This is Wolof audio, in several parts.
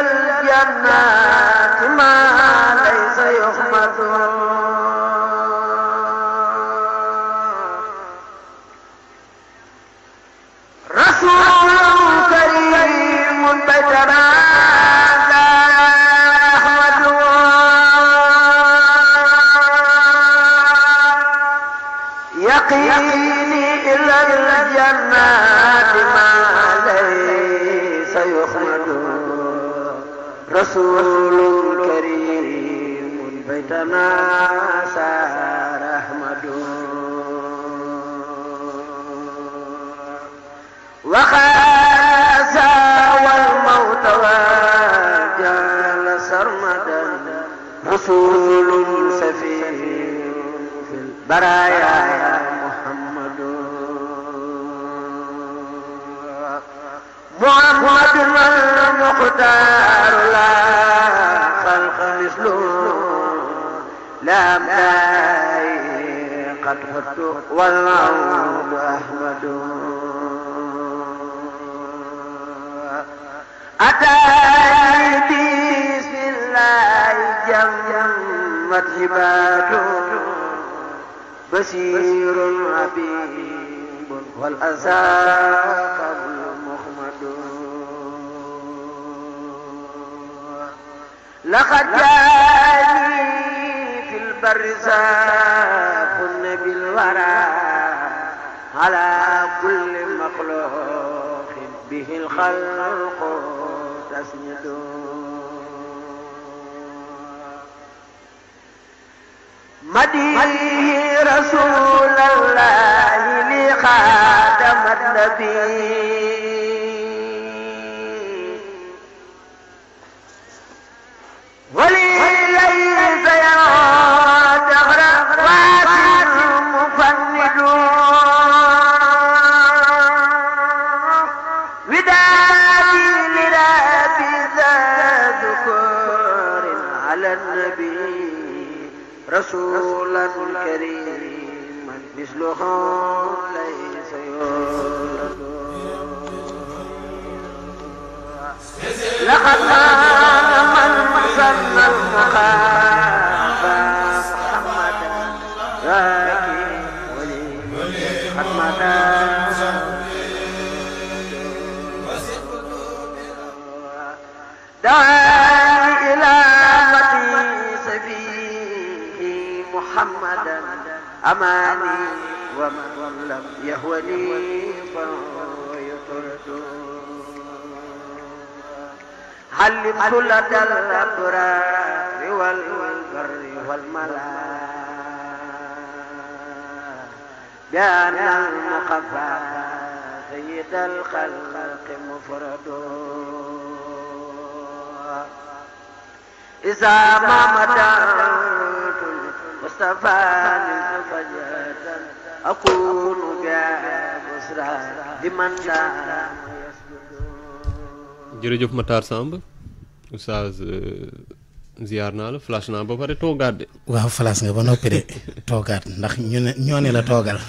الجنات رسول سفي في البرايا محمد محمد المختار لا خلق مثله لا ملائكة قد والله عباد بشير عبيد والأزاق قبل محمد لقد جاني في البرزاق النبي الورى على كل مخلوق به الخلق مديه رسول الله لخاتم النبي يهوى لي ويطرد علم سلة الأبرار والبر والملا بأن المخفى سيد الخلق مفرد إذا ما مدعت المصطفى فجأة أقول jërëjëf Matar Samb oustaz euh, ziar naa la flash naa ba pare toogaat de. waaw flash nga ba noppi de toogaat ndax ñu ne ñoo ne la toogal.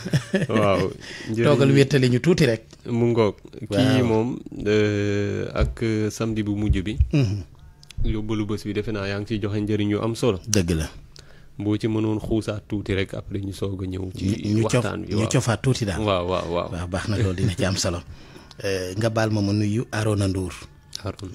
waaw toogal wéttali ñu tuuti rek. mu ngoog. kii moom euh, ak euh, samedi bu mujj bi. Mhm. yóbbalu bés bi defe naa yaa ngi ciy joxe njëriñ yu am solo. dëgg la. boo ci mënoon xuusaat tuuti rek après ñu soog a ñëw. ci waxtaan bi ñu cofaat tuuti daal. waaw waaw baax na loolu dina ci am solo. Eh, nga baal ma ma nuyu Arona Ndour.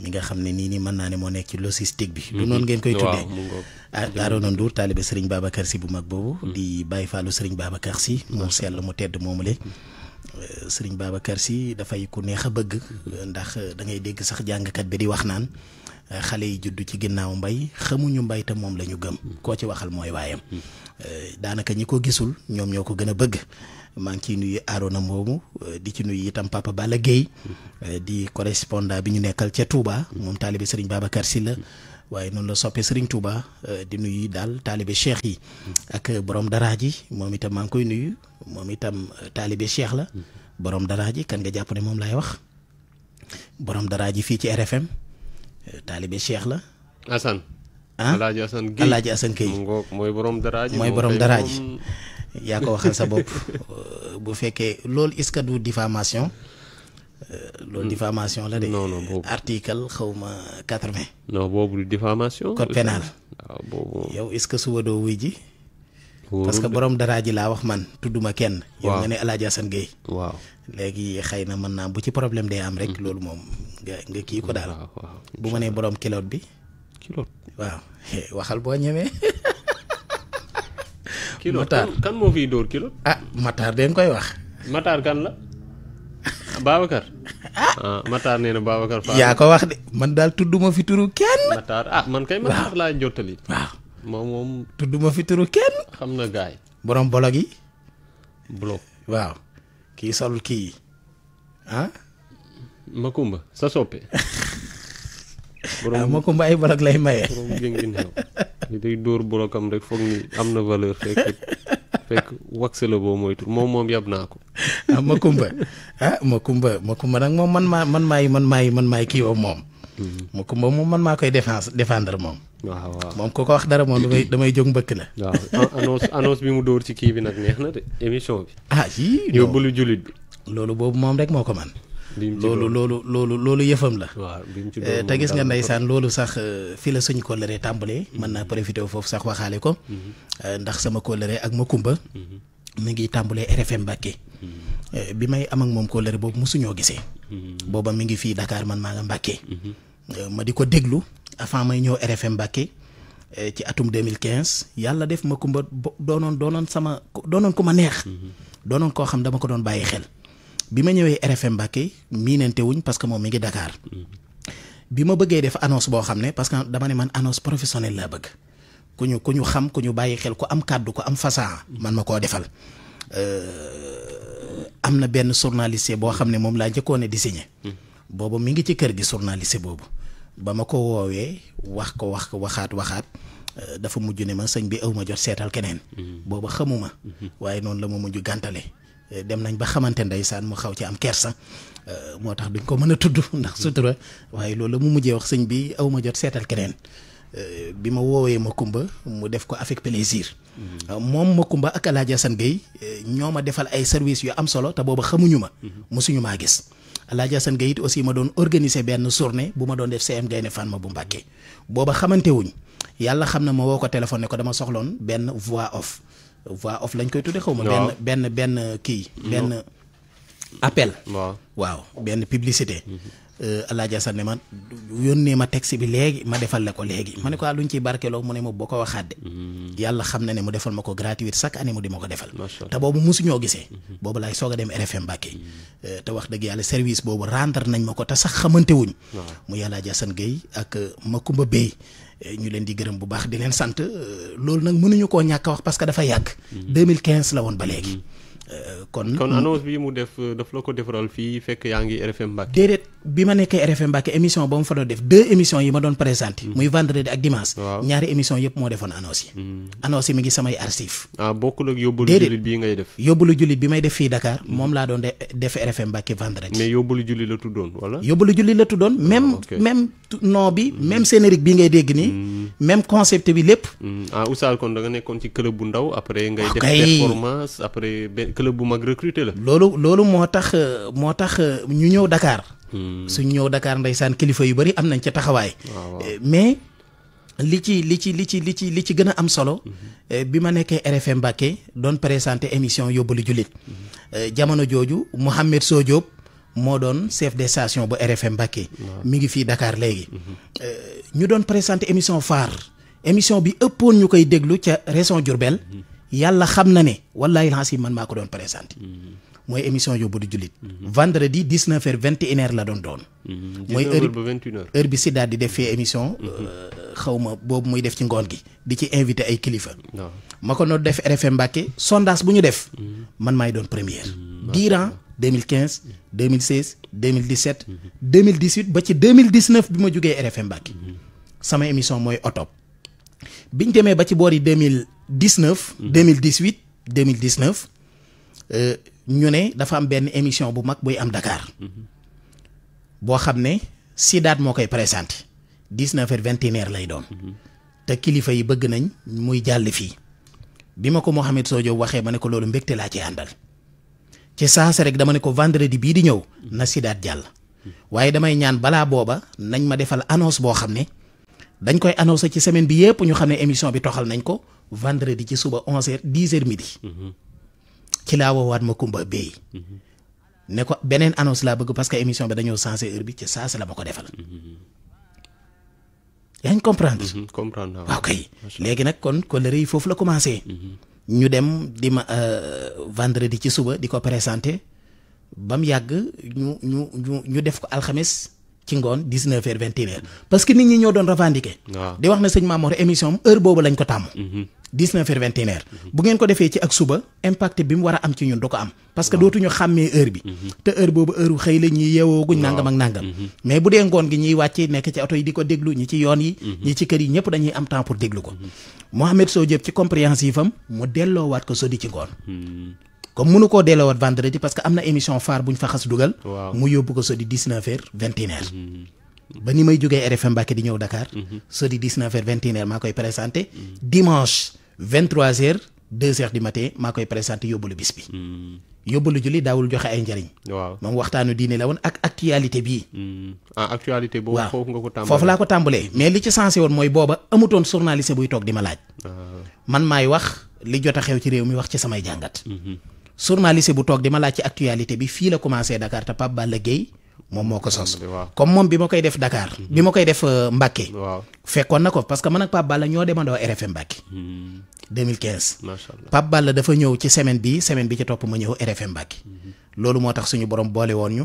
mi nga xam ne nii nii mën naa ne moo nekk ci logistique bi. lu mm-hmm. noon ngeen koy tuddee waaw ah, Arona Ndour taalibe baaba Babacar si bu mag boobu. Mm-hmm. di bàyyi faalu Serigne Babacar si. mu la mu tedd moomule. Mm-hmm. Eh, Serigne Babacar si dafay ku neex a bëgg. ndax da ngay dégg sax jàngkat bi di wax naan. xale yi juddu ci ginnaaw mbay xamuñu mbay te moom la ñu gëm koo ci waxal mooy waayam euh, daanaka ñi ko gisul ñoom ñoo ko gën a bëgg maa ngi ciy nuyu Arona moomu euh, di ci nuyu itam papa bala Guèye euh, di correspondant bi ñu nekkal ca Touba moom taalibe Serigne Babacar si la waaye noonu la soppee Serigne Touba di nuyu daal taalibe cheikh yi ak borom daraa ji moom itam maa ngi koy nuyu moom itam taalibe cheikh la borom daraa ji kan jàpp ne moom laay wax borom daraa ji fii ci RFM taalibe Cheikh la. Assane. Ah? Alaaji Assane Guèye mooy borom daraaji mooy borom daraaji yaa ko waxal sa bopp bu fekkee loolu est-ce que du diffamation euh, loolu hmm. diffamation la de. non non boobu article quatre-vingt. non boobu diffamation. code pénal waaw suba doo wuy ji. parce que borom daraa ji laa wax man tudduma kenn. yow nga ne El Hadj léegi xëy na man naa bu ci problème day am rek. Mm-hmm. loolu moom nga nga kii ko daal. bu ma nee borom kilote bi. kilote boo ñemee. Matar kan ah Matar dañ koy wax. Matar kan la. Babacar. Ah. Ah, yaa ko wax de man daal tudduma fi turu kenn. Matar ah man kay Matar laa jottali. waaw. moom moom. tudd fi turu kenn. xam na gaay borom bolok yi. bolog waaw. kii solul kii ah. Makumba sa soppe. ma ah, Makumba ay bolog lay maye. borom géngin xew day dóor bologam rek foog ni am na valeur fekk fekk wax la boo moytu moom moom yab naa ko. ah kumba ma ah, Makumba Makumba nag moom man maa man maay man maa man maay kii woo moom. Hmm. Makumba moom man maa koy défense défendre moom. waaw waaw moom ku ko wax dara moom damay damay jóg mbëkk la. waaw annonce annonce bi mu dóor ci kii bi nag neex na émission bi. ah yii yóbbalu jullit bi. loolu boobu moom rek moo ko man loolu loolu loolu loolu yëfam la. waaw eh, te gis nga ndeysaan loolu sax euh, fi la suñu kóllëre tàmbalee. Mhm. mën naa profité foofu sax waxaale ko. Mhm. Euh, ndax sama kóllëre ak Makumba. Mhm. mi ngi tàmbalee RFM Mbacke. Eh, bi may am ak moom kóllëre boobu mësuñoo gisee. booba mi ngi fii Dakar man maa nga Mbacke. Euh, ma di ko déglu avant may ñëw RFM Mbacké euh, ci atum 2015 yàlla def ma kumba doonoon doonoon sama doonoon ku ma neex. Mm-hmm. doonoon koo xam dama ko doon bàyyi xel. bi ma ñëwee RFM Mbacké miinante wuñ parce que moom mi ngi Dakar. Mm-hmm. bi ma bëggee def annonce boo xam ne parce que dama ne man annonce professionnelle laa bëgg. ku ñu ku ñu xam ku ñu bàyyi xel ku am kàddu ku am fasaa. man ma koo defal. Euh, am na benn journaliste boo xam ne moom laa njëkkoone a di mm-hmm. boobu mi ngi ci kër gi journaliste boobu. ba ma ko woowee wax ko wax ko waxaat waxaat euh, dafa mujj ne ma sëñ bi aw ma jot seetal keneen. Mhm. booba xamuma. Mhm. waaye noonu la ma mujj gàntale. Euh, dem nañ ba xamante ndeysaan mu xaw ci am kersa euh, moo tax duñ ko mën a tudd ndax mhm. sutura waaye loolu mu mujjee wax sëñ bi aw ma jot seetal keneen bi ma woowee Makumba mu def ko avec plaisir. moom ma ak El Hadj Assane Gueye ñoo ma defal ay services yu am solo te booba xamuñu ma. mosuñu maa gis. Alaaji Asan Gay aussi ma doon organiser benn journée bu ma doon def CM Gaynde Fatma bu Mbàkke booba xamante wuñ yàlla xam na ma woo ko téléphone ko dama soxloon benn voix off voix off lañ koy tudde xaw ma benn benn benn kii mm-hmm. benn appel waaw benn publicité mm-hmm. Euh, Alaaji Asan ne ma yónnee ma texte bi léegi ma defal la ko léegi ma ne ko ah, luñ ciy barkeloo mu ne ma boo ko waxaat de mm-hmm. yàlla xam na ne mu defal ma ko gratuite chaque année mu di ma ko defal te boobu musuñoo gisee mm-hmm. boobu laay soog a dem RFM Mbàkke mm-hmm. euh, te wax dëgg yàlla service boobu rendre nañ ma ko te sax xamante mu muy Alaaji Asan Géey ak ma euh, Makumba Bey ñu leen di gërëm bu baax di leen sant loolu nag mënuñu koo ñàkk wax parce que dafa yàgg 2015 la woon ba léegi Euh, kon kon annonce bi mu def euh, daf la ko defaral fii fekk yaa ngi RFM Mbacke. déedéet bi ma nekkee RFM Mbacke émission ba mu fa doon def deux émissions yi ma doon présenté. Mm. muy vendredi ak dimanche. ñaari émission yëpp moo defoon annonce yi. Mm. annonce yi mi ngi samay archives. ah bokkul yóbbalu jullit bi may def fii Dakar mm. moom laa doon def RFM Mbacke vendredi. yóbbalu jullit la tuddoon wala. yóbbalu jullit ah, bi même scénarique bi ngay dégg nii. même concept bi lépp. ah Ousseyn kon da club bu mag recruter la. loolu loolu moo tax moo tax ñu ñëw dakaar hmm. suñu ñëw Dakar ndeysaan kilifa yu bari am nañ ca taxawaay. Eh, mais li ci li ci li ci li ci li ci gën a am solo. Hmm. Eh, bi ma nekkee RFM Mbacké doon présenté émission yóbbalu jullit. Hmm. Eh, jamono jooju Mouhamed Sow moo doon chef de station bu RFM Mbacké. mi ngi fii dakaar léegi. ñu doon présenté émission phare émission bi ëppoon ñu koy déglu ca région Diourbel. yàlla xam na ne wallaahi lancé man maa ko doon présenté. mooy émission yóbbu du jullit. vendredi dix neuf vingt et la doon doon. Mm-hmm. mooy heure ba heure bi Sidaat di def fee émission. Mm-hmm. Euh, xaw ma boobu muy def ci ngoon gi di ci invité ay kilifa. ma ko noonu def RFM Mbàkke sondage bu ñu def. Mm-hmm. man maay doon première. durant 2015 2016 2017. 2018 ba ci 2019 bi ma jugee RFM Mbàkke. sama émission mooy otop biñ demee ba ci boori 2000. 19 2018 2019 ñu ne dafa am benn émission bu mag buy am Dakar mhm. boo xam ne Sidaat moo koy présenté 19 heures 21 heures lay doon mhm. te kilifa yi bëgg nañ muy jàll fii bi ma ko Mouhamed Sodio waxee ma ne ko loolu mbégte laa ci àndal ci saasa rek dama ne ko vendredi bii di ñëw na Sidaat jàll waaye damay ñaan balaa booba nañ ma defal annonce boo xam ne dañ koy annoncer ci semaine bi yëpp ñu xam ne émission bi toxal nañ ko vendredi ci suba onze heures dix heures mhm. ci laa woowaat ma Kumba Bay mhm. ne ko beneen annonce laa bëgg parce que émission bi dañoo sensé heure bi ci la ma ko defal. Mhm. yaa ngi comprendre. comprendre waaw kay. léegi nag kon kóllëre yi foofu la commencé. ñu dem di ma euh, vendredi ci suba di ko présenté ba mu yàgg ñu ñu ñu ñu def ko alxames ci ngoon dix neuf heures vingt et une parce que nit ñi ñoo doon revendiquer. Ah. di wax na sëñ Mamour émission am heure boobu lañ ko tàmm. 19 heures 21 heures bu ngeen ko defee ci ak suba impact bi mu war a am ci ñun du ko am parce que dootuñu xàmmee heure bi mhm. te heure boobu heure xëy la ñuy yeewooguñ nangam ak nàngam mhm. mais bu dee ngoon gi ñuy wàcc nekk ci oto yi di ko déglu ñi ci yoon yi mhm. ñi ci kër yi ñëpp dañuy am temps pour déglu ko Mouhamed Sow Diop ci compréhensif am mu delloowaat ko sodi ci ngoon comme mënu koo delloowaat vendredi parce que am na émission phare bu fa xas ba ni 23 heures 2 heures di matin maa koy présenté yóbbalu bis bi. Hmm. yóbbalu julli daawul joxe ay njariñ. waaw moom waxtaanu diine la woon ak actualité bii. Hmm. ah actualité boobu foofu nga ko tàmbalee foofu laa ko tàmbalee mais li ci sensé woon mooy booba amutoon journaliste buy toog di ma laaj. Ah. man maay wax li jot a xew ci réew mi wax ci samay jàngat. Hmm. journaliste bu toog di ma laaj ci actualité bi fii la commencé Dakar te Pape Balla Gueye moom moo ko sos comme moom bi ma koy def dakaar bi ma koy def euh, Mbacke fekkoon na ko parce que man ak Pape Balla ñoo demandoo RFM Mbacke hmm. 2015 macha allah Pape Balla dafa ñëw ci semaine bi semaine bi ci topp ma ñëw RFM Mbacke hmm. loolu moo tax suñu borom boole woon ñu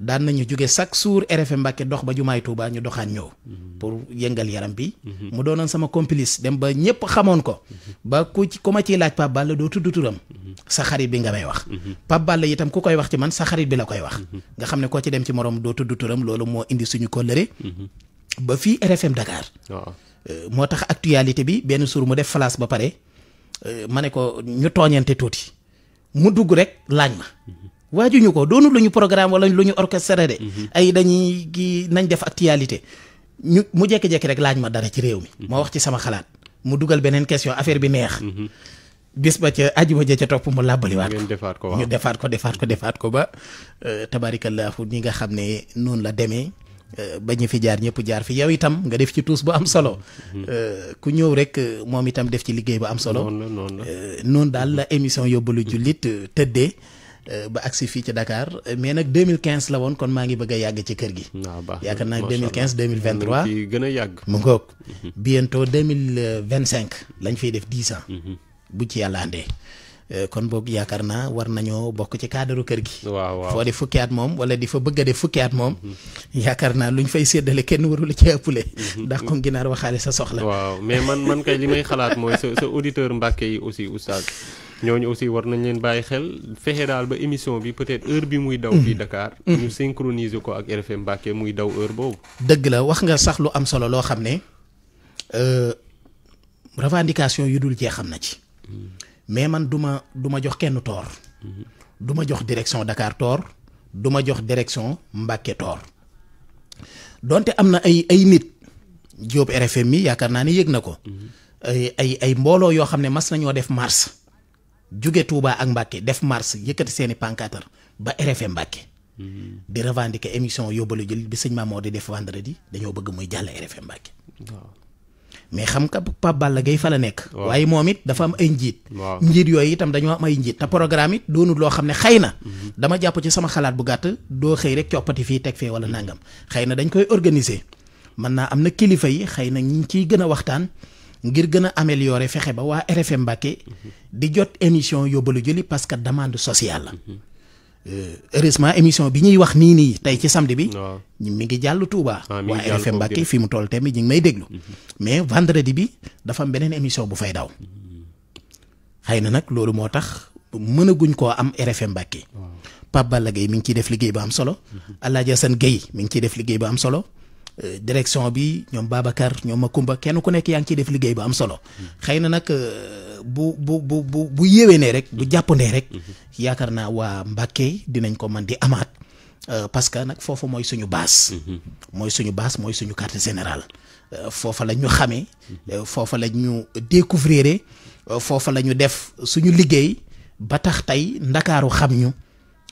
daan nañu jóge chaque jour RFM Mbàkke dox ba jumaay Tuuba ñu doxaan ñëw pour yëngal yaram bi mu doonoon sama complice dem ba ñëpp xamoon ko ba ku ci ku ma ciy laaj Pape Balla doo tudd turam sa xarit bi nga may wax Pape Balla itam ku koy wax ci man sa xarit bi la koy wax nga xam ne koo ci dem ci moroom doo tudd turam loolu moo indi suñu kóllëre ba fii RFM Dakar euh, moo tax actualité bi benn suur mu def flash ba pare euh, ma ne ko ñu tooñante tuuti mu dugg rek laaj waajuñu ko doonu lu ñu programme wala lu ñu orchestré de. Mhm. ay dañuy gi nañ def actualité ñu mu jékki-jékki rek laaj ma dara ci réew mi. Mhm. ma wax ci sama xalaat mu dugal beneen question affaire bi neex. Mhm. bis ba ca àjjuma ja ca topp mu làbbaliwaat ko ñu defaat ko defaat ko defaat ko ba euh, tabaarikallaahu ñi nga xam ne noonu la demee euh, ba ñu fi jaar ñëpp jaar fi yow itam nga def ci tuus bu am solo euh, ku ñëw rek moom itam def ci liggéey bu am solo noonu daal la émission yóbbalu jullit tëddee Euh, ba agsi fii ci dakaar mais nag 2015 la woon kon maa ngi bëgg a yàgg ci kër gi. Ah, yaakaar naa 2015 2023 mu gën a yàgg. mu ngoog mhm. vingt cinq lañ fiy def 10 ans. Mhm. bu ci yàlla andee. Euh, kon boobu yaakaar naa war nañoo bokk ci cadre kër gi. waaw waaw foo di fukki at moom wala di fa bëgg a def fukki at moom. Mhm. yaakaar naa lu ñu fay séddale kenn warul ci ëppale. ndax comme ginaar waxaale sa soxla. waaw mais man man kay li may xalaat mooy sa sa auditeur yi aussi oustaz. ñooñu aussi war nañ leen bàyyi xel fexe daal ba émission bi peut-être heure bi muy daw fii mhm. Dakar ñu mhm. synchroniser ko ak RFM Mbacké muy daw heure boobu dëgg la wax nga sax lu am solo loo xam ne euh, revendication yu dul jee xam na ci mhm. mais man du ma du ma jox kenn toor du ma jox direction Dakar toor du ma jox direction Mbacké toor donte am na ay ay nit Jóob RFM yi yaakaar naa ne yëg na ko ay ay mbooloo yoo xam ne mas nañoo def mars jóge Touba ak Mbacke def mars yëkkati seen i pancarte ba RFM Mbacke. Mm-hmm. di revendiquer émission yóbbalu jël bi sëñ Mamadou di def vendredi dañoo bëgg muy jàll RFM Mbacke. mais xam nga Pape la gay fa la nekk. waaye moom it dafa am ay njiit. njiit yooyu itam dañoo am ay njiit te programme it doonul loo xam ne xëy na. Mm-hmm. dama jàpp ci sama xalaat bu gàtt doo xëy rek coppati fii teg fee wala ndàngam xëy na dañ koy organiser mën naa am na kilifa yi xëy na ñu ciy gën a waxtaan. ngir gën a améliorer fexe ba waa RFM Mbacké di jot émission yóbbalu jëli parce que demande sociale la euh, heureusement émission bi ñuy wax nii nii tey ci samedi bi ñu mi ngi jàll Touba ah, waa RFM Mbacké fi mu toll tamit ñu ngi may déglu mhm. mais vendredi bi dafa beneen émission bu fay daw mhm. xëy na nag loolu moo tax mënaguñ koo am RFM Mbacké Pape Balla Gueye mi ngi ciy def liggéey bu am solo mhm. Alaaji Assane Gueye mi ngi ciy def liggéey bu am solo Euh, direction bi ñoom Babacar ñoom Makumba kenn ku nekk yaa ngi ciy def liggéey bu am solo xëy na nag euh, bu bu bu bu bu yéwénee rek bu jàppandee rek yaakaar naa waa Mbàkke dinañ ko mën di amaat euh, parce que nag foofu mooy suñu baas mooy suñu base mooy suñu carte général foofa la ñu xamee foofa la ñu découvrir foofa la ñu def suñu liggéey ba tax tey ndakaaru xam ñu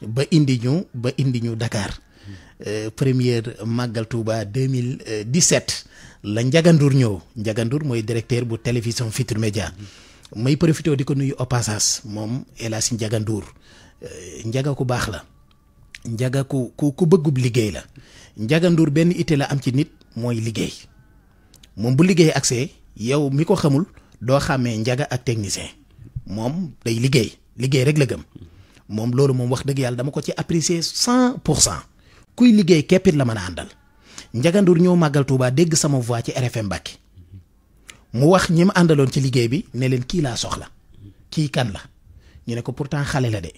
ba indi ñu ba indi ñu Dakar Euh, première màggal Touba 2017 la Ndiagandour ñëw Ndiagandour mooy directeur bu télévision Futurs média may profité di ko nuyu au passage moom El Hadj Ndiagandour euh, njaga ku baax la njaga ku ku ku bëggub liggéey la Ndiagandour benn ité la am ci nit mooy liggéey moom bu liggéey accès yow mi ko xamul doo xàmmee njaga ak technicien moom day liggéey liggéey rek la gëm moom loolu moom wax dëgg yàlla dama ko ci apprécier cent pour cent kuy liggéey keppit la mën a àndal njagandur ñëw màggal Touba dégg sama voix ci RFM Mbacke mu wax ñi àndaloon ci liggéey bi ne leen kii laa soxla kii kan la ñu ne ko pourtant xale la de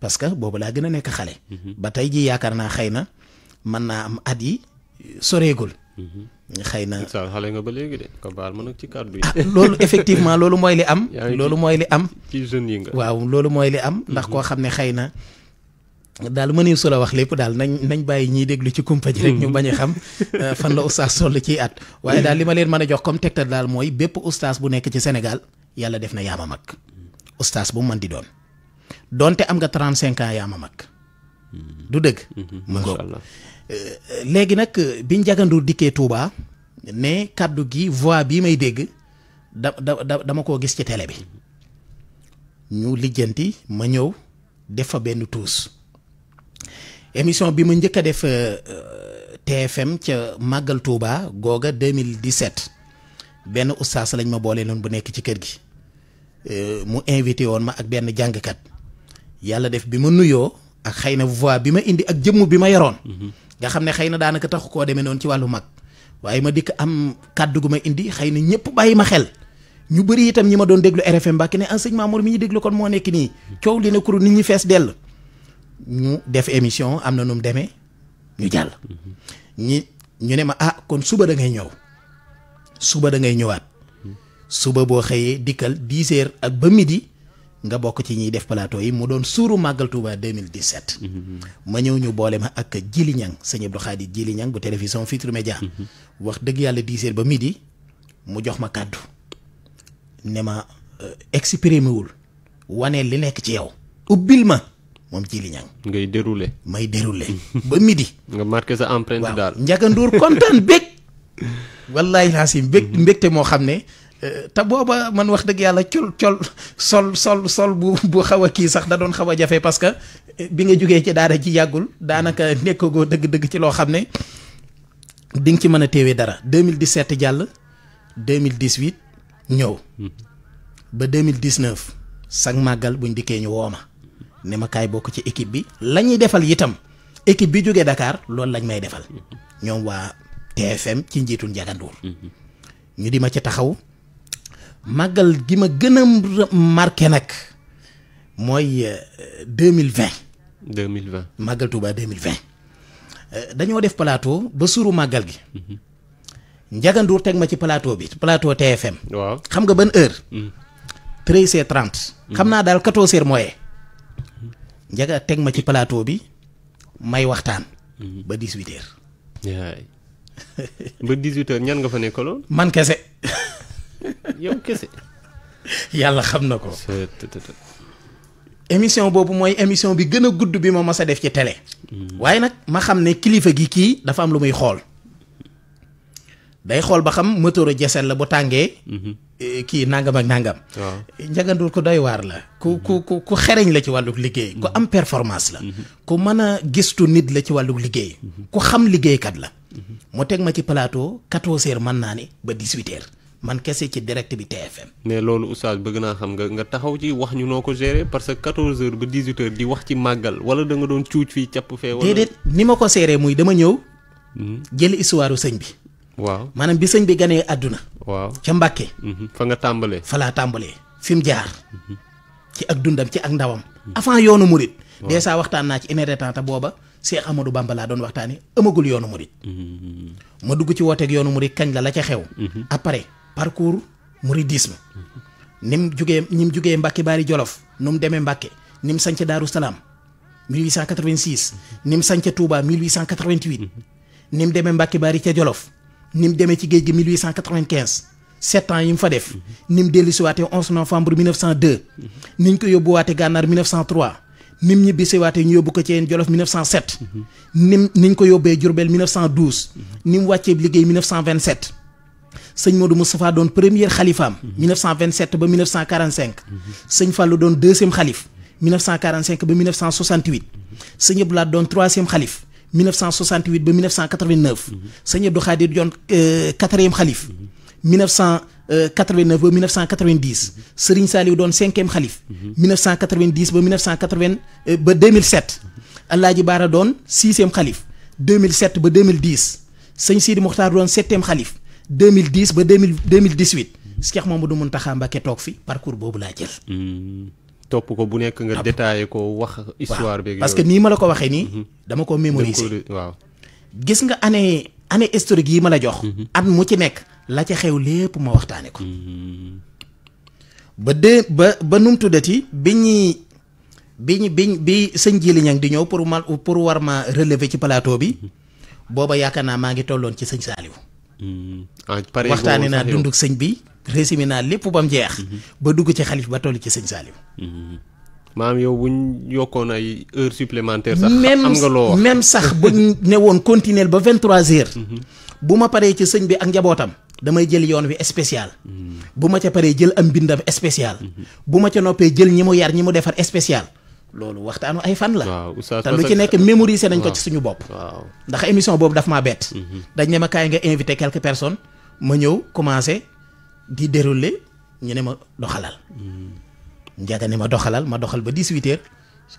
parce que boobu laa gën a nekk xale. Mhm. ba tey jii yaakaar naa xëy na mën naa am at yi soreegul. Mhm. xëy na saa xale nga ba léegi de ko baal ci kàddu yi. Ah, loolu effectivement loolu mooy li am. loolu mooy li am. ci jeunes yi waaw loolu mooy li am. Mhm. ndax koo xam ne xëy na. daal mëneesu la wax lépp daal nañ nañ bàyyi ñiy déglu ci kumpa ji rek ñu mm-hmm. bañ xam euh, fan la ustaas soll ciy at waaye daal li ma leen mën a jox comme tegtal daal mooy bépp ustaas bu nekk ci Sénégal yàlla def na yaa ma mag ustaas bu mu mën di doon donte am nga 35 ans yaa ma mag mm-hmm. du dëgg mm-hmm. mu euh, léegi nag bi jagandu dikkee Touba ne kàddu gi voix bii may dégg da da dama koo gis ci télé bi ñu lijjanti ma ñëw def fa benn tuus émission bi ma njëkk a def euh, TFM ca Màggal Touba googa 2017 benn ustaas lañ ma boole loon bu nekk ci kër gi euh, mu invité woon ma ak benn jàngkat yàlla def bi ma nuyoo ak xëy na voix bi ma indi ak jëmm bi ma yoroon. Mhm. nga xam ne xëy na daanaka taxu koo demee noonu ci wàllu mag. waaye ma dikk am kàddu gu ma indi xëy na ñëpp bàyyi ma xel ñu bëri itam ñi ma doon déglu RFM Mbàkke ne enseignement Mor mi ñu déglu kon moo nekk nii mhm. coow li ne kuru nit ñi fees dell. ñu def émission am na nu mu demee ñu jàll. ñi ñu ne ma ah kon suba da ngay ñëw suba da ngay ñëwaat suba boo xëyee dikkal dix ak ba midi nga bokk ci ñiy def plateau yi mu doon suuru màggal Touba 2017. ma ñëw ñu boole ma ak Jili Ñang sëñ Abdou Khadi Jili Ñang bu télévision Futurs Médias. wax dëgg yàlla dix ba midi mu jox ma kàddu ne ma euh, exprimer wul wane li nekk ci yow ubbil ma. moom ci li ñang ngay dérouler. may dérouler ba midi. nga marqué sa empreinte daal waaw Ndiaga Ndour kontaan bég. wallaahi laa si mbég moo xam ne. Euh, te booba man wax dëgg yàlla col col sol sol sol bu bu xaw a kii sax da doon xaw a jafe parce que euh, bi nga jógee ci daara ci yàggul daanaka nekkagoo dëgg-dëgg ci loo xam ne di nga ci mën a téewee dara 2017 jàll 2018 ñëw mhm. ba 2019 sag màggal buñ dikkee ñu wooma ne bokk ci équipe bi la ñuy defal yitam équipe bi jógee dakaar loolu lañ may defal ñoom waa TFM ci njiitu njaganduur ñu di ma ci taxaw màggal gi ma gën a marqué nag mooy euh, deux mille mille vingt màggal Touba deux mille vingt euh, dañoo def palaato ba suuru màggal gi. Njaganduur teg ma ci palaato bi plateau TFM. waaw xam nga ban heure. Mm. treize heures mm. xam naa daal quatorze heures njaga teg ma ci palaato bi may waxtaan. Mhm. ba dix huit ñan nga fa nekkaloon. man kese. yow kese. yàlla xam na ko. émission boobu mooy émission bi gën a gudd bi ma mas def ci télé. Mhm. waaye nag ma xam ne kilifa gi kii dafa am lu muy xool. day xool ba xam moteur diesel la bu tàngee. Mhm. Eh, kii nangam ak nangam. waaw ko doy waar la. ku ku ku ku xereñ la ci wàlluk liggéey. ku mhm. am performance la. Mhm. ku mën a gistu nit la ci wàlluk liggéey. ku xam liggéeykat la. mu teg ma ci plateau 14h mën naa ni ba 18 man kese ci direct bi TFM. mais loolu oustaz bëgg naa xam nga nga taxaw ci wax ñu noo ko gérer parce que 14h ba 18h di wax ci màggal wala da nga doon cuuc fii capp fee. wala déedéet ni ma ko seeree muy dama ñëw. jël histoire sëñ bi. waaw maanaam bi sëñ bi ganee àdduna. waaw ca Mbàkke. Mhm. fa nga tàmbalee. fa laa tàmbalee fi mu jaar. Mhm. ci ak dundam ci ak ndawam. avant yoonu murit. waaw dèjà waxtaan naa ci une booba Cheikh Amadou Bamba laa doon waxtaanee amagul yoonu murit. Mhm. ma dugg ci wooteeg yoonu murit kañ la la ca xew. après parcours muridisme. ni mu jugee ni mu jugee Mbàkke Baari Jolof nu mu demee Mbàkke ni mu sanc Daaru Salaam 1886. ni mu sanc Touba 1888. ni mu demee Mbàkke Baari ca Jolof. ni mu demee ci géej gi 1895 sept ans yi mu fa def ni mu dellusiwaatee 11 novembre 1902 ni ñu ko yóbbuwaatee gànnaar 1903 nim ñibbisiwaatee ñu yóbbu ko ci yéen Jolof 1907. nim niñ ko yóbbee Jurbel 1912. ni mu wàccee liggéey 1927. sëñ Modou Moustapha doon premier xalifaam. 1927 ba 1945. sëñ Fallou doon deuxième xalif. 1945 ba 1968. sëñ Abdoulaye doon troisième xalif. 1968 ba 1989. sëñ Abdou Khadir doon euh, quatrième xalif. 1989 ba 1990. Serigne Saliou doon cinquième xalif. 1990 ba 1980 euh, ba 2007. Alaaji Baara doon sixième xalif. 2007 ba 2010. sëñ Sidi Mokhtar doon septième xalif. 2010 ba 2000 2018. Cheikh Mamadou Mountakha Mbacké toog fi parcours boobu laa jël. Hmm. topp ko bu nekk nga détaillé ko wax. histoire beeg parce que nii ma la ko waxee nii. Mhm. dama ko mémoriser waaw. gis nga année année historique yi ma la jox. Mhm. at mu ci nekk la ca xew lépp ma waxtaane ko. Mhm. ba dé ba ba nu mu tuddati bi ñuy bi ñu bi bi sëñ Jili Ñang di ñëw pour ma pour war ma relever ci palaato bi booba yaakaar naa maa ngi tolloon ci sëñ Saaliw Mm-hmm. Ah, waxtaane naa dunduk sëñ bi résumé naa lépp bam mu jeex mm-hmm. ba dugg ci xalif ba toll ci sëñ Saliou mm-hmm. maam yow bu ñu yokkoon ay heure supplémentaire sax am nga loo wax même sax ba ne woon continel ba vingt trois heures bu ma paree ci sëñ bi ak njabootam damay jël yoon wi spécial bu ma ca paree jël am mbindam spécial bu ma ca noppee jël ñi mu yar ñi mu defar spécial loolu waxtaanu ay fan la. te lu ci nekk mémoriser nañ ko ci suñu bopp. ndax émission boobu dafa maa bett. Mhm. dañ ne ma kaay nga invité quelques personnes ma ñëw commencé di dérouler ñu ne ma doxalal. Mhm. njaga ne ma doxalal ma doxal ba 18 heures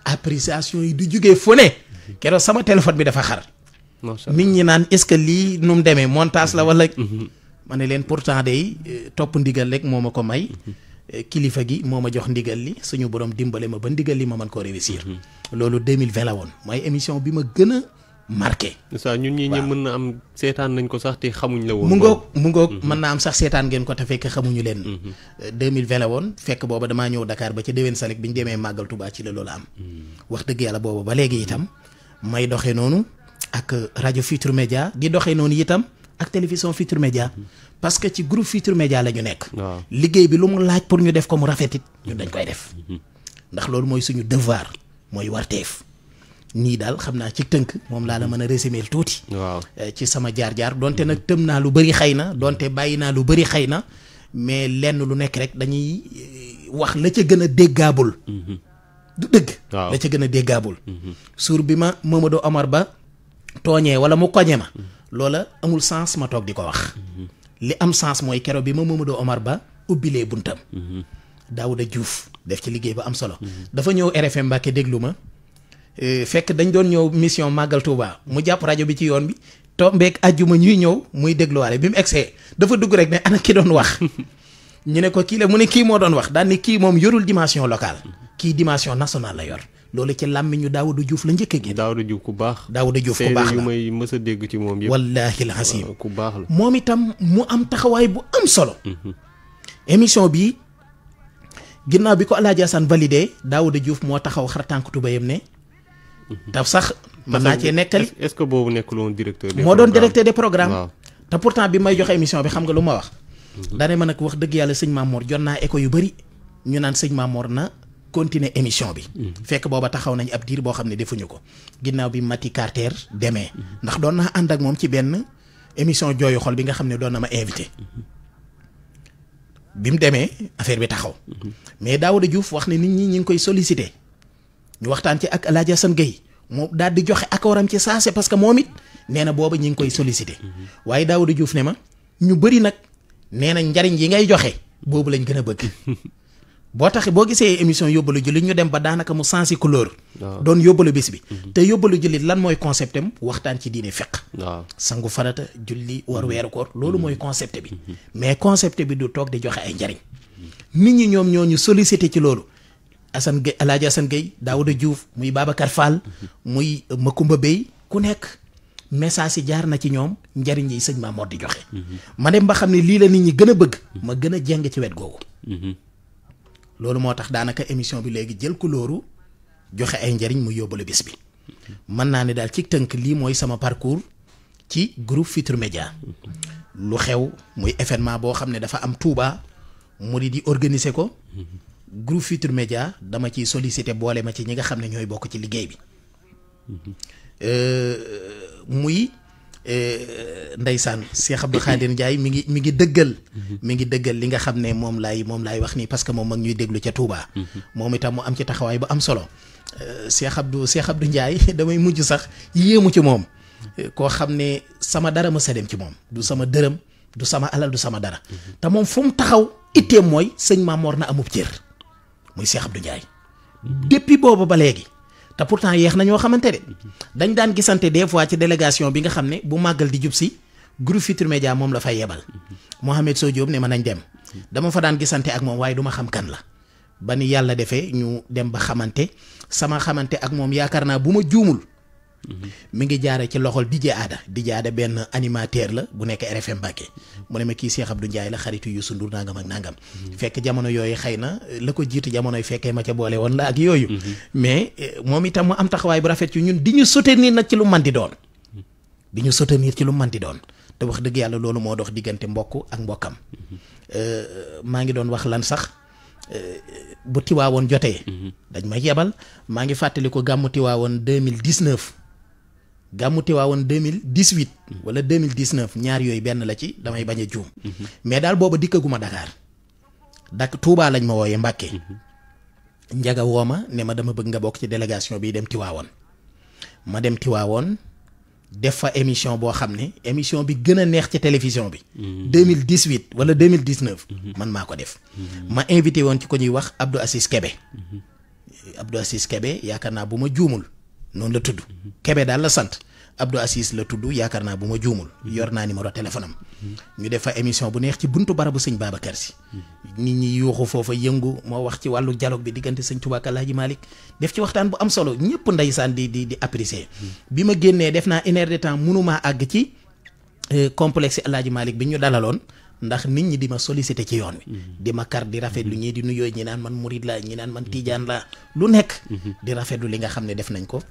appréciation yi du jugee fu ne keroog sama téléphone bi dafa xar. nit ñi naan est-ce que lii nu mu demee montage la mhm. wala. ma ne leen pourtant day euh, topp ndiggal rek moo ma ko may. Eh, kilifa gi moo ma jox ndigal li suñu borom dimbale ma ba ndigal li ma mën koo réussir. loolu 2020 la woon mooy émission ma gën a marqué. waaw ñun ñii na am seetaan nañ ko sax te xamuñ la woon. mu ngoog mu ngoog mm-hmm. mën naa am sax seetaan ngeen ko mm-hmm. eh, ba ca déwén Salek bi ñu demee loolu am. Mm-hmm. wax dëgg yàlla booba ba léegi itam may doxee noonu ak eh, rajo Futurs Médias di doxee noonu itam ak télévision Futurs Médias. parce que ci groupe Futurs Médias la ñu nekk. liggéey bi lu mu laaj pour ñu def ko mu rafetit ñun dañ koy def. Mhm. ndax loolu mooy suñu devoir mooy warteef. nii daal xam naa ci tënk moom laa la mën a résumer tuuti. waaw eh, ci sama jaar-jaar donte nag tëm naa lu bëri xëy na donte bàyyi naa lu bëri xëy na mais lenn lu nekk rek dañuy eh, wax la ca gën a déggaabul. Mhm. du dëgg. la ca gën a déggaabul. Mhm. suur bi ma Mamadou Omar Ba tooñee wala mu koñe ma. loola amul sens ma toog di ko wax. li am sens mooy kero bi ma doo Omar Ba ubbilee buntam mhm. Daouda Diouf def ci liggéey ba am solo mhm. dafa ñëw RFM Mbacke déglu ma eh, fekk dañ doon ñëw mission màggal Touba mu jàpp rajo bi ci yoon bi tombeek ajjuma ñuy ñëw muy dégluwaale bi mu egsee dafa dugg rek ne ana ki doon wax ñu ne ko kii la mu ne kii moo doon wax daal ne kii moom yorul dimension locale mhm. kii dimension nationale la yor loolu ci làmmiñu Daawuda Juuf la njëkk gi génn. Daawuda Juuf ku baax. Daawuda Juuf ku baax la may mës a dégg ci moom yëpp. wallaahi la ku baax la. moom itam mu am taxawaay bu am solo. Mhm. émission bi ginnaaw bi ko El Hadj Assane validé Daawuda Juuf moo taxaw xar tànk tubayam ne. daf mhm. sax mën naa cee nekkali. est-ce que boobu nekkul woon directeur des. moo doon directeur des programmes. te pourtant bi may joxe mhm. émission bi xam nga lu ma wax. daanaka ma nag wax dëgg yàlla sëñ Mamour jot naa écho yu bari ñu naan sëñ Mamour na continuer émission bi. fekk booba taxaw nañ ab diir boo xam ne defuñu ko ginnaaw bi Mati Carter demee ndax doon naa ànd ak moom ci benn émission jooyu xol bi nga xam ne doon na ma invité. bi mu demee affaire bi taxaw mais Daouda Diouf wax ne nit ñi ñi ngi koy sollicité ñu waxtaan ci ak El Hadj Assane Gueye moom daal di joxe akooram ci saase parce que moom it nee na booba ñi ngi koy sollicité waaye Daouda juuf ne ma ñu bëri nag nee na njariñ yi ngay joxe boobu lañ gën a bëgg boo tax boo gisee émission yóbbalu jullit ñu dem ba daanaka mu sensi couleur doon yóbbalu bis bi mhm. te yóbbalu jullit lan mooy concept am waxtaan ci diine fiq sangu farata julli war mhm. weeru koor loolu mooy concept bi mhm. mais concept bi du toog di joxe ay njariñ nit ñi ñoom ñoo ñu sollicité ci loolu Assane Gueye Alaaji Assane Gueye Daouda Diouf muy Babacar Fall muy ma Makumba Bey ku nekk message yi jaar na ci ñoom njariñ yi sëñ Mamoor di joxe ma dem ba xam ne lii la nit ñi gën a bëgg ma gën a jeng ci wet googu loolu moo tax daanaka émission bi léegi jël ku lóoru joxe ay njariñ mu yóbbale bés bi mën naa ne daal ci tënk lii mooy sama parcours ci groupe Futurs Médias lu xew muy événement boo xam ne dafa am Touba mu di di organiser ko groupe Futurs Médias dama ciy sollicité boole ma ci ñi nga xam ne ñooy bokk ci liggéey bi euh, muy ndeysaan Cheikh Abdou Khadir Ndiaye mi ngi mi ngi dëggal mhm. mi ngi dëggal li nga xam ne moom laay moom laay wax nii parce que moom mag ñuy déglu ca Touba. Mhm. moom itam mu am ci taxawaay bu am solo euh, Cheikh Abdou Cheikh Abdou Ndiaye damay mujj sax yéemu ci moom koo xam ne sama dara ma sa ci moom du sama dërëm du sama alal du sama dara mhm. te moom fu taxaw itteem mooy sëñ Maam Mor na amub cër muy Cheikh Abdou Ndiaye depuis boobu ba léegi te pourtant yeex na ñoo xamante de dañ daan gisante des fois ci délégation bi nga xam ne bu màggal di jub si groupe Futurs Médias moom la fa yebal Mouhamed soo Diop ne ma nañ dem dama fa daan gisante ak moom waaye duma xam kan la ba ni yàlla defee ñu dem ba xamante sama xamante ak moom yaakaar naa bu ma juumul. mi ngi jaare ci loxol DJ Ada DJ Ada benn animateur la bu nekk RFM Mbacké mu ne ma kii Cheikh du Ndiaye la xaritu Youssou sundur nangam ak nangam fekk jamono yooyu xëy na la ko jiitu jamonoy fekkee ma ca boole woon la ak yooyu mais eh, moom itam mu am taxawaay bu rafet ci ñun di ñu soutenir nag ci lu man di doon di ñu soutenir ci lu man di doon te wax dëgg yàlla loolu moo dox diggante mbokk ak mbokkam eh, maa ngi doon wax lan sax eh, bu tiwaawoon jotee mhm. dañ ma yebal maa ngi fàttali ko gàmmu tiwaawoon 2019 gàmmu Tiwaawoon 2018 wala 2019 ñaar yooyu benn la ci damay bañ a juum mais daal booba dikkaguma Dakar dak Touba lañ ma wooyee Mbàkke njaga ma ne ma dama bëgg nga bokk ci délégation bi dem Tiwaawoon ma dem Tiwaawoon def fa émission boo xam ne émission bi gën a neex ci télévision bi. 2018 mm-hmm. wala 2019. Mm-hmm. man maa ko def. Mm-hmm. ma invité woon ci ko ñuy wax Abdou Assis Kebe. Abdou Assis Kebe yaakaar naa bu ma juumul. noonu la tudd kebe daal la sant Abdou Assis la tudd yaakaar naa bu ma juumul yor naa numéro téléphone ñu defa fa émission bu neex ci buntu barabu sëñ Babacar Si nit ñi yuuxu foofa yëngu moo wax ci wàllu dialogue bi diggante sëñ Tuubaa ak Alaaji def ci waxtaan bu am solo ñëpp ndeysaan di di di apprécier bi ma génnee def naa une heure de temps mënumaa àgg ci euh, complexe Alaaji Malick bi ñu dalaloon ndax nit ñi di ma sollicité ci yoon wi mhm. di ma kar di rafet lu mhm. ñii di nuyoo ñi naan man murid laa ñi naan man mhm. tiijaan la lu nekk di rafetlu li nga xam ne def nañ ko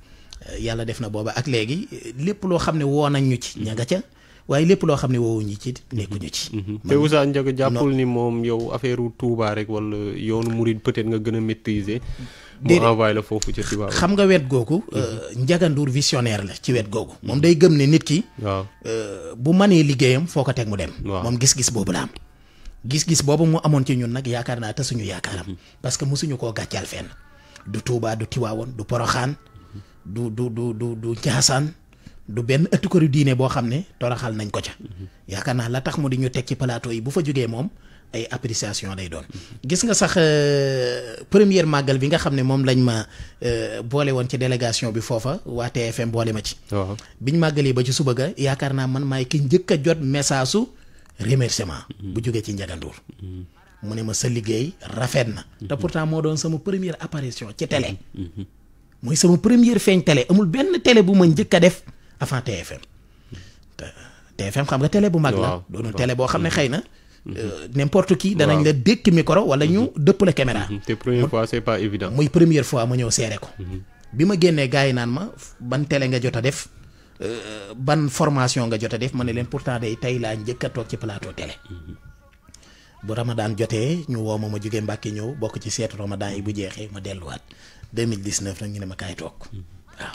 yàlla def na booba ak léegi lépp loo xam ne woo nañ ñu ci ña nga ca waaye lépp loo xam ne woowu ñu ci nekkuñu ci te Oussa Ndiaga jàppul ni moom yow affaire Touba rek wala yoonu murid peut-être nga gën a maîtriser mm. mu envoyé la foofu ci Tivaouane xam nga wet googu. Mhm. Euh, Ndiaga Ndour visionnaire la ci wet googu. moom day gëm ne nit ki. waaw euh, bu mënee liggéeyam foo ko teg mu dem. moom gis-gis boobu la am. gis-gis boobu mu amoon ci ñun nag yaakaar naa te suñu yaakaaram. Mhm. parce que mosuñu koo gàccal fenn. du Touba du Tivaouane du Poroxaan. Mhm. du du du du du Njaasaan du benn ëttu këru diine boo xam ne toroxal nañ ko ca. yaakaar naa la tax mu di ñu teg ci palaato yi bu fa jógee moom. ay appréciation lay doon. gis nga sax euh, première màggal bi nga xam ne moom lañ ma euh, boole woon ci délégation bi foofa waa TFM boole ma ci. biñ màggalee ba ci suba ga yaakaar naa man maay ki njëkk a jot message su remerciement. bu jógee ci Ndiaga mu ne ma sa liggéey rafet na. te pourtant moo doon sama première apparition ci télé. mooy sama première feeñ télé amul benn télé bu ma njëkk a def avant TFM. TFM xam nga télé bu mag la. waaw doonul télé boo xam ne mm-hmm. xëy na. Euh, n'importe kii danañ la dékk micro wala ñu mhm. dëpp la caméra. Mhm. te première fois c'est pas évident. muy première fois ma ñëw seere ko. Mhm. bi ma génnee gars yi naan ma ban télé nga jot a def euh, ban formation nga jot a def ma ne leen pourtant day tey laa njëkk a toog ci plateau télé. bu Ramadan jotee ñu woo ma ma jóge Mbàkke ñëw bokk ci seetu Ramadan yi bu jeexee ma delluwaat 2019 nag ñu ne ma kaay toog waaw.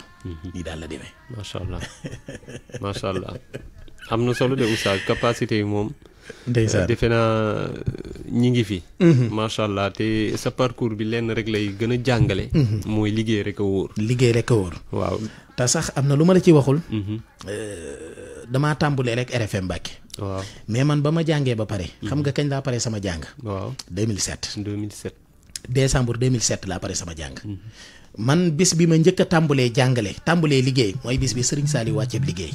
di daal la demee. macha allah macha allah am na solo de oustaz capacité yi moom. ndeysaan euh, defe naa euh, ñi ngi fi. Mm-hmm. macha allah sa parcours bi lenn rek lay gën a jàngale. Mm-hmm. mooy liggéey rek a liggéey rek a waaw te sax am na lu ma la ci waxul. Mm-hmm. Euh, damaa tàmbulee rek RFM Mbacke. waaw mais man ba ma jàngee ba pare. xam nga kañ laa pare sama jàng. waaw 2007. 2007. décembre 2007 laa pare sama jàng. man bis bi ma njëkk a tàmbulee jàngale tàmbulee liggéey mooy bis bi Serigne saali wàcceeb liggéey.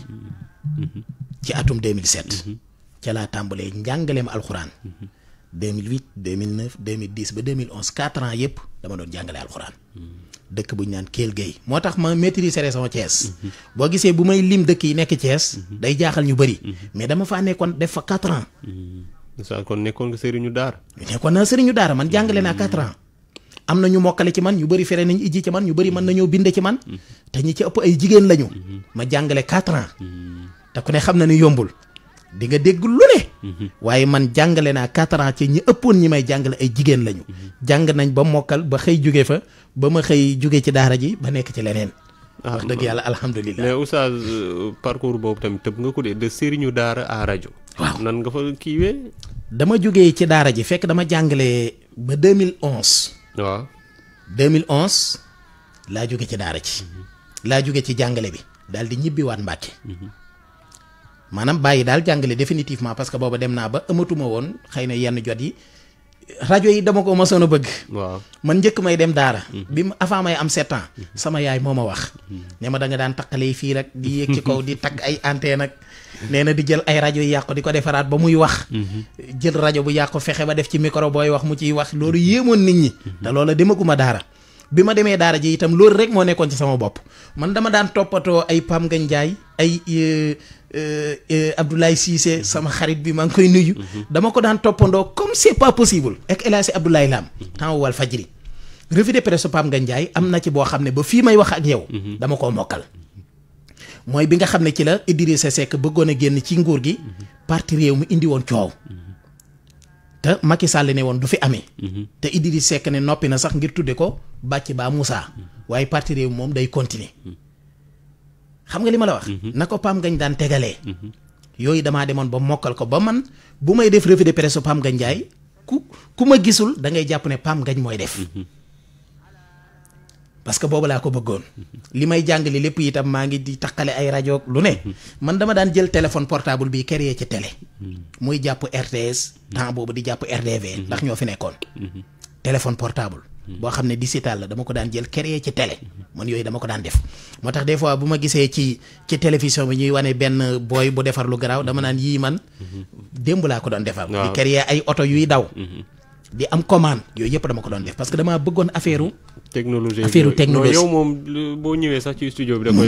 ci atum 2007. ca laa tàmbalee njàngaleem alxuraan. 2008 2009 2010 ba 2011 4 ans yëpp dama doon jàngale alxuraan. dëkk bu ñu naan Kell Gueye moo tax ma maîtriser sama Thiès. boo gisee bu may liim dëkk yi nekk Thiès. day jaaxal ñu bëri. mais dama faa nekkoon def fa 4 ans. incha kon nekkoon nga sëriñu daara. nekkoon naa ñu daara man jàngale naa 4 ans. am na ñu mokkale ci man ñu bëri fere nañu ijji ci man ñu bëri mën nañoo binde ci man. te ñi ci ëpp ay jigéen lañu. Mm-hmm. ma jàngale 4 ans. te ku ne na yombul. di nga dégg lu ne. Mhm. waaye man jàngale naa quatre ans ci ñi ëppoon ñi may jàngale ay jigéen lañu. Mhm. jàng nañ ba mokkal ba xëy jóge fa ba ma xëy jóge ci daara ji ba nekk ci leneen. Ah, wax dëgg yàlla alhamdulilah mais oustaz euh, parcours boobu tamit tëb nga ko de de sëriñu daara à rajo. waaw nga fa kiiwee. dama jóge ci daara ji fekk dama jàngale ba 2011. waaw 2011 laa jóge ci daara ji. Mhm. laa jóge ci jàngale bi daal di ñibbiwaat Mbàkke. maanaam bàyyi daal jàngale définitivement parce que booba dem naa ba ëmatuma woon xëy na yenn jot yi rajo yi dama koo ma soon a bëgg. waaw man njëkk may dem daara. Hmm. bi ma avant may am sept hmm. sama yaay moo ma wax. Hmm. ne ma da daan taqale fii rek di yéeg di takk ay antenne ak. nee na di jël ay rajo yi yàqu di ko defaraat ba muy wax. jël rajo bu yàqu fexe ba def ci micro booy wax mu ciy wax loolu yéemoon nit ñi. te loola demaguma daara. bi ma demee daara ji itam loolu rek moo nekkoon ci sama bopp man dama daan toppatoo ay Pam nga Ndiaye ay euh, Euh, euh, Abdoulaye Cissé sama xarit bi maa ngi koy nuyu. Mhm. dama ko daan toppandoo comme c' est pas possible. ak El Hadj Abdoulaye Lam. Mhm. temps wal fajri. de presse Pape Ngagne Ndiaye am na ci boo xam ne ba fii may wax ak yow. Mhm. dama koo mokkal. mooy bi nga xam ne ci la Idrissa Seck bëggoon a génn ci nguur gi. parti réew mi indi woon coow. te Macky Sall ne woon du fi amee. te Idrissa Seck ne noppi na sax ngir tudde ko bàcc baa Moussa. waaye parti réew moom day continuer. xam nga li ma la wax. Mhm. na ko Pam Ngañ daan tegalee. Mhm. yooyu damaa demoon ba mokkal ko ba man bu may def revue de presse Pam Ngañ Njaay ku ku ma gisul da ngay jàpp ne Pam gañ mooy def. Mhm. parce que boobu laa ko bëggoon. li may jàngale lépp itam maa ngi di taqale ay rajo lu ne. man dama daan jël téléphone portable bi yee ci télé. muy jàpp RTS. temps boobu di jàpp RDV. ndax ñoo fi nekkoon. téléphone portable. Hmm. boo xam ne digital la dama ko daan jël créer ci télé man yooyu dama ko daan def moo tax des fois bu ma gisee ci ci télévision bi ñuy wane benn booy bu defar lu garaaw dama naan yii man démb laa ko doon defar di créer ay oto yuy daw hmm. di am commande yooyu yëpp dama ko doon def parce que damaa bëggoon affaire technologie affaire technologie yow boo ñëwee sax ci studio bi da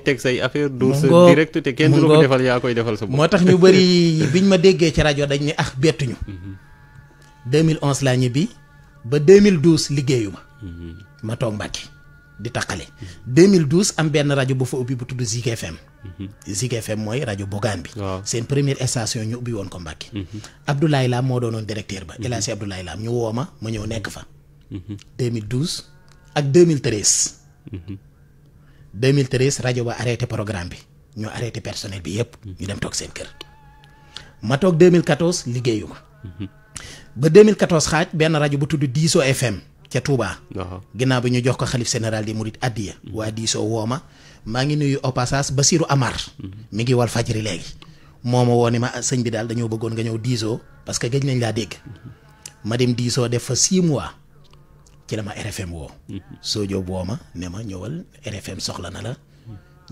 te kenn du la ko defal yaa koy defal sa bopp moo tax ñu bëri biñ ma déggee ci rajo dañ ne ah bettuñu 2011 hmm. laa ñibbi ba 2012 liggéeyu ma. ma toog Mbàkke di taqale. 2012 am benn rajo bu fa ubbi bu tudd Zik FM. Mm-hmm. Zik FM mooy rajo Bogaan bi. seen première station ñu ubbi woon ko Mbàkke. Mm-hmm. Abdoulaye Lam moo doonoon directeur ba. Mm-hmm. El Hadj Abdoulaye Lam ñu woo ma ma ñëw nekk fa. 2012 ak 2013. 2013 rajo ba arrêté programme bi ñoo arrêté personnel bi yëpp. ñu dem toog seen kër. ma toog 2014 liggéeyu ba 2014 xaaj benn rajo bu tudd Diiso FM ca Touba. ginnaaw bi ñu jox ko xalif sénéral di mu Murit Addiya. waa woo wooma maa ngi nuyu au ba Basirou Amar. Mhm. mi ngi wal fajri léegi. moo ma woo ni ma ah, sëñ bi daal dañoo bëggoon nga ñëw Diiso parce que gëj nañ laa dégg. Mhm. ma dem Diiso def fa 6 mois. ci la ma RFM woo. Mhm. soo jóob woo ma ne ma ñëwal RFM soxla na la.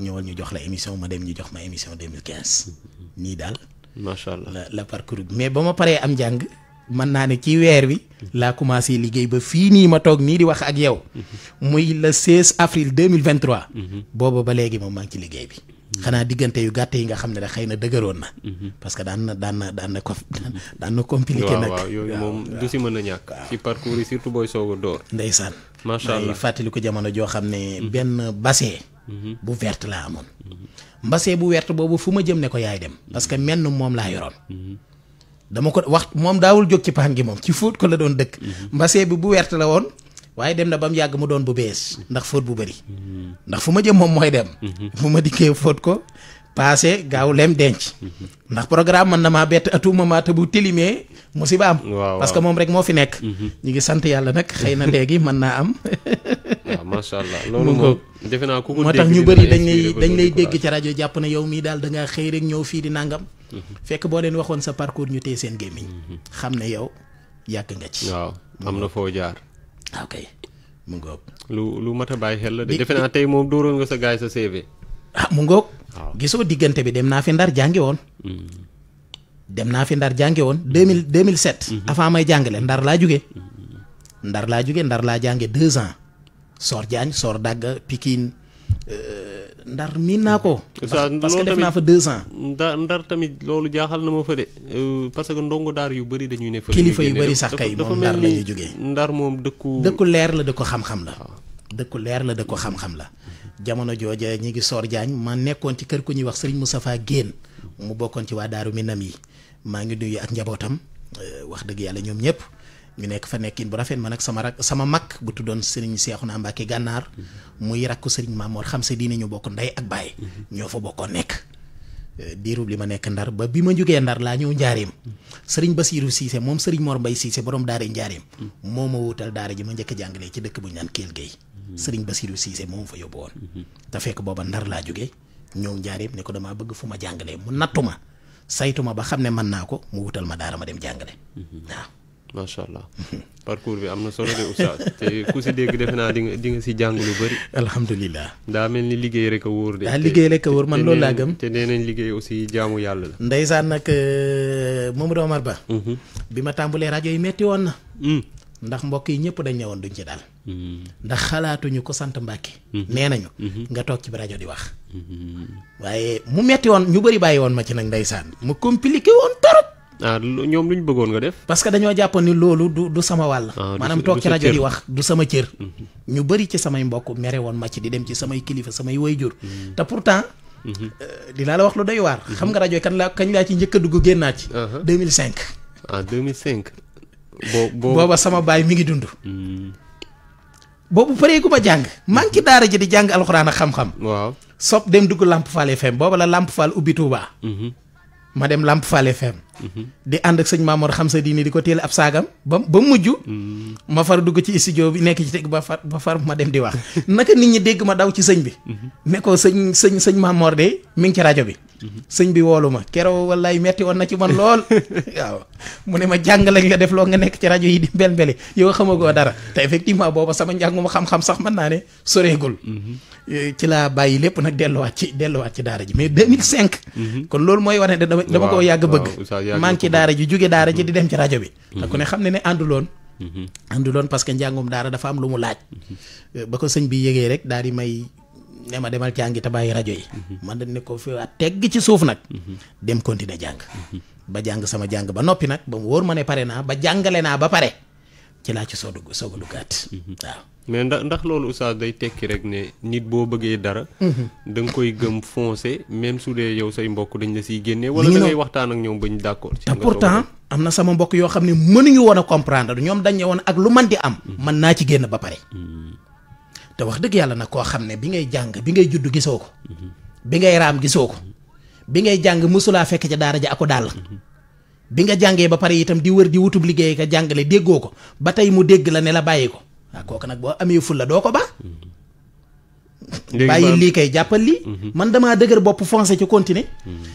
ñëwal ñu jox la émission ma dem ñu jox ma émission 2015. nii daal. macha allah la la mais ba ma paree am njàng. mën naa ne ci weer wi laa commencé liggéey ba fii nii ma toog nii di wax ak yow muy le 16 avril 2023 booba ba léegi moom maa ngi ci liggéey bi xanaa diggante yu gàtt yi nga xam ne da xëy na dëgëroon na parce que daan na daan na daan ko daan na compliqué nag waaw moom du si mën a ñàkk ci parcours surtout booy soog a door ndeysaan fàttali ko jamono joo xam ne mhm. benn bassin mhm. bu wert laa amoon mbasee mhm. bu verte boobu fu ma jëm ne ko yaay dem parce que menn moom laa yoroon dama ko wax moom daawul jóg ci paan gi moom ci fóot ko la doon dëkk mhm. mbase bi bu wert la woon waaye dem na ba mu yàgg mu doon bu bees mhm. ndax fóot bu bëri mhm. ndax fu ma jëm moom mooy dem fu ma dikkee fóot ko paase gaaw lem denc ndax programme man na maa bett atu moment te bu tilimee musiba am parce que moom rek moo fi nekk ñu ngi sant yàlla nag xëy na léegi mën naa am waaw ah, macha allah loolu moom defe naa ku ko moo tax ñu bëri dañ lay dañ lay dégg ci rajo jàpp na yow mii daal da ngaa xëy rek ñëw fii di nangam. Mhm. fekk boo leen waxoon sa parcours ñu téye seen gémmiñ mhm. xam ne yow yàgg nga ci. waaw am na foo jaar. Ah, ok mu ngoog. lu lu mat a bàyyi xel la de defe naa tey moom dóoroon nga sa gaay sa CV. ah mu ngoog. gisoo diggante bi dem naa fi ndar jàngi woon. Mhm. dem naa fi ndar jànge woon 2000 2007. avant may jàngale ndar laa jóge ndar laa jóge ndar laa jànge deux ans. Sor Diagne Sor Dagga Pikine euh, ndar miin naa ko. parce que def naa fa deux ans. ndar tamit loolu jaaxal na ma fa de euh, parce que ndongo daar yu bëri dañuy ne. fa kilifa yu bëri sax kay moom ndar la ñuy jógee. ndar moom dëkku. leer la dëkku xam-xam la. Ah. dëkku leer la dëkku xam-xam la. jamono jooja ñi ngi Sor Diagne ma nekkoon ci kër ku ñuy wax Serigne Moustapha Guène mu bokkoon ci waa daaru nam yi maa ngi nuyu ak njabootam euh, wax dëgg yàlla ñoom ñëpp. ñu nekk fa nekkiin bu rafet ma nag sama rak sama mag bu tuddoon Serigne Cheikhouna Mbacké gànnaar muy rakku Serigne Mamour xam sa diine ñu bokk ndey ak baay ñoo fa bokkoon nekk euh, diirub li ma nekk ndar ba bi ma jógee ndar laa ñëw njaareem Serigne Bassirou Cissé moom Serigne Mor Mbaye Cissé borom daara njaareem moo ma wuutal daara ji ma njëkk a jàngalee ci dëkk bu ñu naan Kelle Gueye Serigne Bassirou Cissé moom fa yóbbu woon te fekk booba ndar laa jógee ñëw njaareem ne ko damaa bëgg fu ma jàngalee mu saytu ma ba xam ne mën naa ko mu wutal ma daara ma dem jàngale waaw macha allah parcours bi am na solo de oustaz te ku si dégg defe naa di nga di nga si jàng lu bëri. alhamdulilah. daa mel ni liggéey rek a wóor de. ah liggéey rek a wóor man loolu laa gëm. te nee nañ liggéey aussi jaamu yàlla la. ndeysaan nag euh, Mamadou Omar Ba. Mhm. bi ma tàmbalee rajo yi metti woon na. Mm. ndax mbokk yi ñëpp dañ ñëwoon duñ ci daal. Mm. ndax xalaatuñu ko sant Mbàkke. Mm-hmm. nee nañu. Mm-hmm. nga toog ci rajo di wax. Mm-hmm. waaye mu metti woon ñu bëri bàyyi woon ma ci nag ndeysaan mu compliqué woon torop ah ñoom lu bëggoon nga def. parce que dañoo jàpp ni loolu du du sama wàll. Ah, maanaam toog rajo di wax du sama cër. Mm-hmm. ñu bëri ci samay mbokk mere woon ma ci di dem ci samay kilifa samay wayjur. Mm-hmm. te pourtant. Mm-hmm. Euh, dinaa la wax lu doy waar. xam nga rajo kan laa kañ laa ci njëkk a dugg génnaat ci. 2005. Uh-huh. ah 2005. boo booba sama baay mi ngi dund. boobu paree gu ma jàng maa ngi daara ji di jàng alxuraan ak xam-xam. sob dem dugg Lamp Fall FM booba la Lamp Fall ubbi Touba. ma dem Lamp Fall FM. di ànd ak sëñ Maamor xam sa diini di ko téel ab saagam ba ba mujj. Mm. ma far dugg ci studio bi nekk ci teg ba far ba far ma dem di wax naka nit ñi dégg ma daw ci sëñ bi. Mm-hmm. ne sëñ sëñ sëñ Maamor de mi bi. Mm-hmm. sëñ bi woolu ma keroo wallaay metti woon na ci man lool waaw mu ne ma jàng lañ la def loo nga nekk ci rajo yi di mbel-mbeli yow xamagoo dara te effectivement booba sama njànguma xam sax mën naa ne soreegul mm-hmm. eh, ci laa bàyyi lépp nag delluwaat ci delluwaat ci daara ji mais 2005 mm-hmm. kon loolu mooy wane ne dama dama koo yàgg bëgg maa ngi ci daara ji jóge daara ji di dem ci rajo bi te ku xam ne ne ànduloon ànduloon parce que njàngum daara dafa am lu mu laaj eh, ba ko sëñ bi yëgee rek daal di may ne ma demal jàngi te bàyyi rajo yi. man dañ ne ko fi waat tegg ci suuf nag. dem continuer jàng. ba jàng sama jàng ba noppi nag ba mu wóor ma ne pare naa ba jàngale naa ba pare ci laa ci soo dugg soog lu duggaat. waaw mais ndax ndax loolu oustaz day tekki rek ne nit boo bëggee dara. Mhm. da nga koy gëm foncé même su dee yow say mbokk dañ la siy génnee. wala da ngay waxtaan ak ñoom bañ d'accord. te pourtant am na sama mbokk yoo xam ne mënuñu woon a comprendre ñoom dañ woon ak lu man di am. mën mhm. naa ci génn ba pare. Mhm. te wax dëgg yàlla nag koo xam ne bi ngay jàng bi ngay judd gisoo ko bi ngay raam gisoo ko bi ngay jàng mosulaa fekk ca daara ja ako daal bi nga jàngee ba pare itam di wër di wutub liggéey ka jàngale déggoo ko ba tey mu dégg la ne la bàyyi ko waaw kooku nag boo amee ful la doo ko ba bàyyi lii kay jàppal lii mhm. man damaa dëgër bopp fonse ci continuer mhm.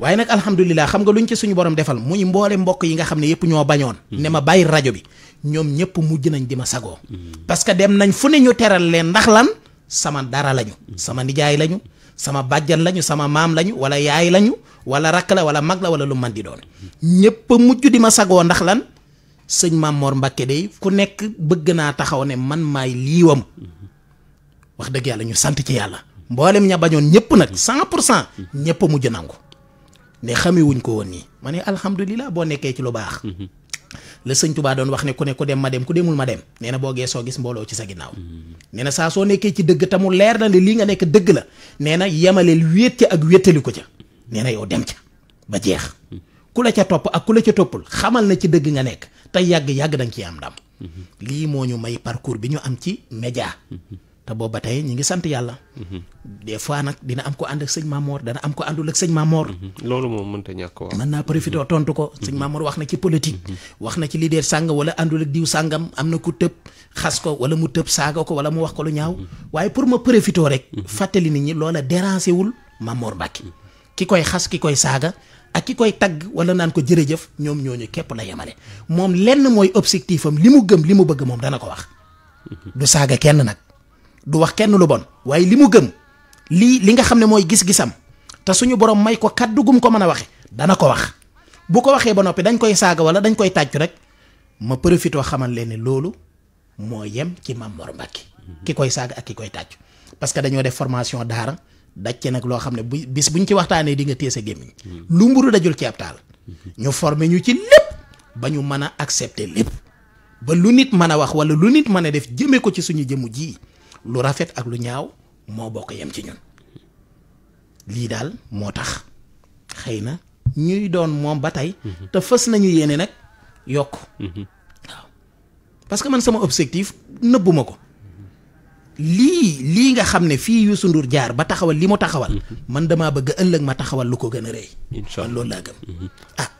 waaye nag alhamdulilah xam nga luñ ci suñu borom defal muy mboole mbokk yi nga xam ne yëpp ñoo bañoon mhm. rajo bi ñoom ñëpp mujj nañ di ma sagoo. parce que dem nañ fu ne ñu teral leen ndax lan sama dara lañu. sama nijaay lañu sama bàjjan lañu sama maam lañu wala yaay lañu wala rakk la wala mag la wala lu man di doon. ñëpp mujj di ma sagoo ndax lan sëñ Maam Mor Mbacke day ku nekk bëgg naa taxaw ne man maay liiwam wax dëgg yàlla ñu sant ci yàlla. mboolem ña bañoon ñëpp nag cent pour cent ñëpp mujj nangu ne xamewuñ ko woon nii ma ne alhamdulilah boo nekkee ci lu baax. la sëñ Touba doon wax ne ku ne ku dem ma dem ku demul ma dem nee na boo geesoo gis mbooloo ci sa ginnaaw nee na saa soo nekkee ci dëgg te mu leer la ne lii nga nekk dëgg la nee na yemaleel wéet ca ak wéttali ko ca nee na yow dem ca ba jeex ku la ca topp ak ku la ca toppul xamal na ci dëgg nga nekk te yàgg-yàgg da nga am ndam lii moo ñu may parcours bi ñu am ci média te boobu ba tey ngi sant yàlla. Mhm. des fois nag dina am ko ànd ak sëñ Mamor dana am ko àndul ak sëñ Mamor. Mhm. loolu moom mënta ñàkk waaw. mën naa profité mhm. tontu ko. sëñ Mamor wax na ci politique. wax na ci leader sàng wala àndul ak diw sàngam am na ku tëb xas ko wala mu tëb saaga ko wala mu wax ko lu ñaaw. waaye pour ma profité rek. fàttali nit ñi loola déranger wul Mamor Mbacke. ki koy xas ki koy saaga. ak ki koy tagg wala naan ko jërëjëf ñoom ñoo ñooñu képp la yemale moom lenn mooy objectif am li mu gëm li mu bëgg moom dana ko wax. du saaga kenn du wax kenn lu bon waaye li mu gëm lii li nga xam ne mooy gis-gisam te suñu borom may ko kaddu ko mën a waxe dana ko wax bu ko waxee ba noppi dañ koy saaga wala dañ koy tàccu rek ma profitoo xamal leen ne loolu moo yem ci Mame Mor Mbacke ki koy saaga ak ki koy tàccu parce que dañoo def formation daara dajce nag loo xam ne bu bis bu ñu ci waxtaanee di nga téye sa gémmiñ hmm. lu mburu dajul ci ab taal hmm. ñu former ñu ci lépp ba ñu mën a accepter lépp ba lu nit mën a wax wala lu nit mën a def jëmee ko ci suñu jëmu ji lu rafet ak lu ñaaw moo bokk yem ci ñun lii daal moo tax xëy na ñuy doon moom ba tey. te fës nañu yéene nag yokk. Mhm. waaw parce que man sama objectif nëbbuma ko. lii lii nga xam ne fii Youssou Ndour jaar ba taxawal li mu taxawal. Mhm. man damaa bëgg ëllëg ma taxawal lu ko gën a rëy. incha loolu laa gëm mhm. ah.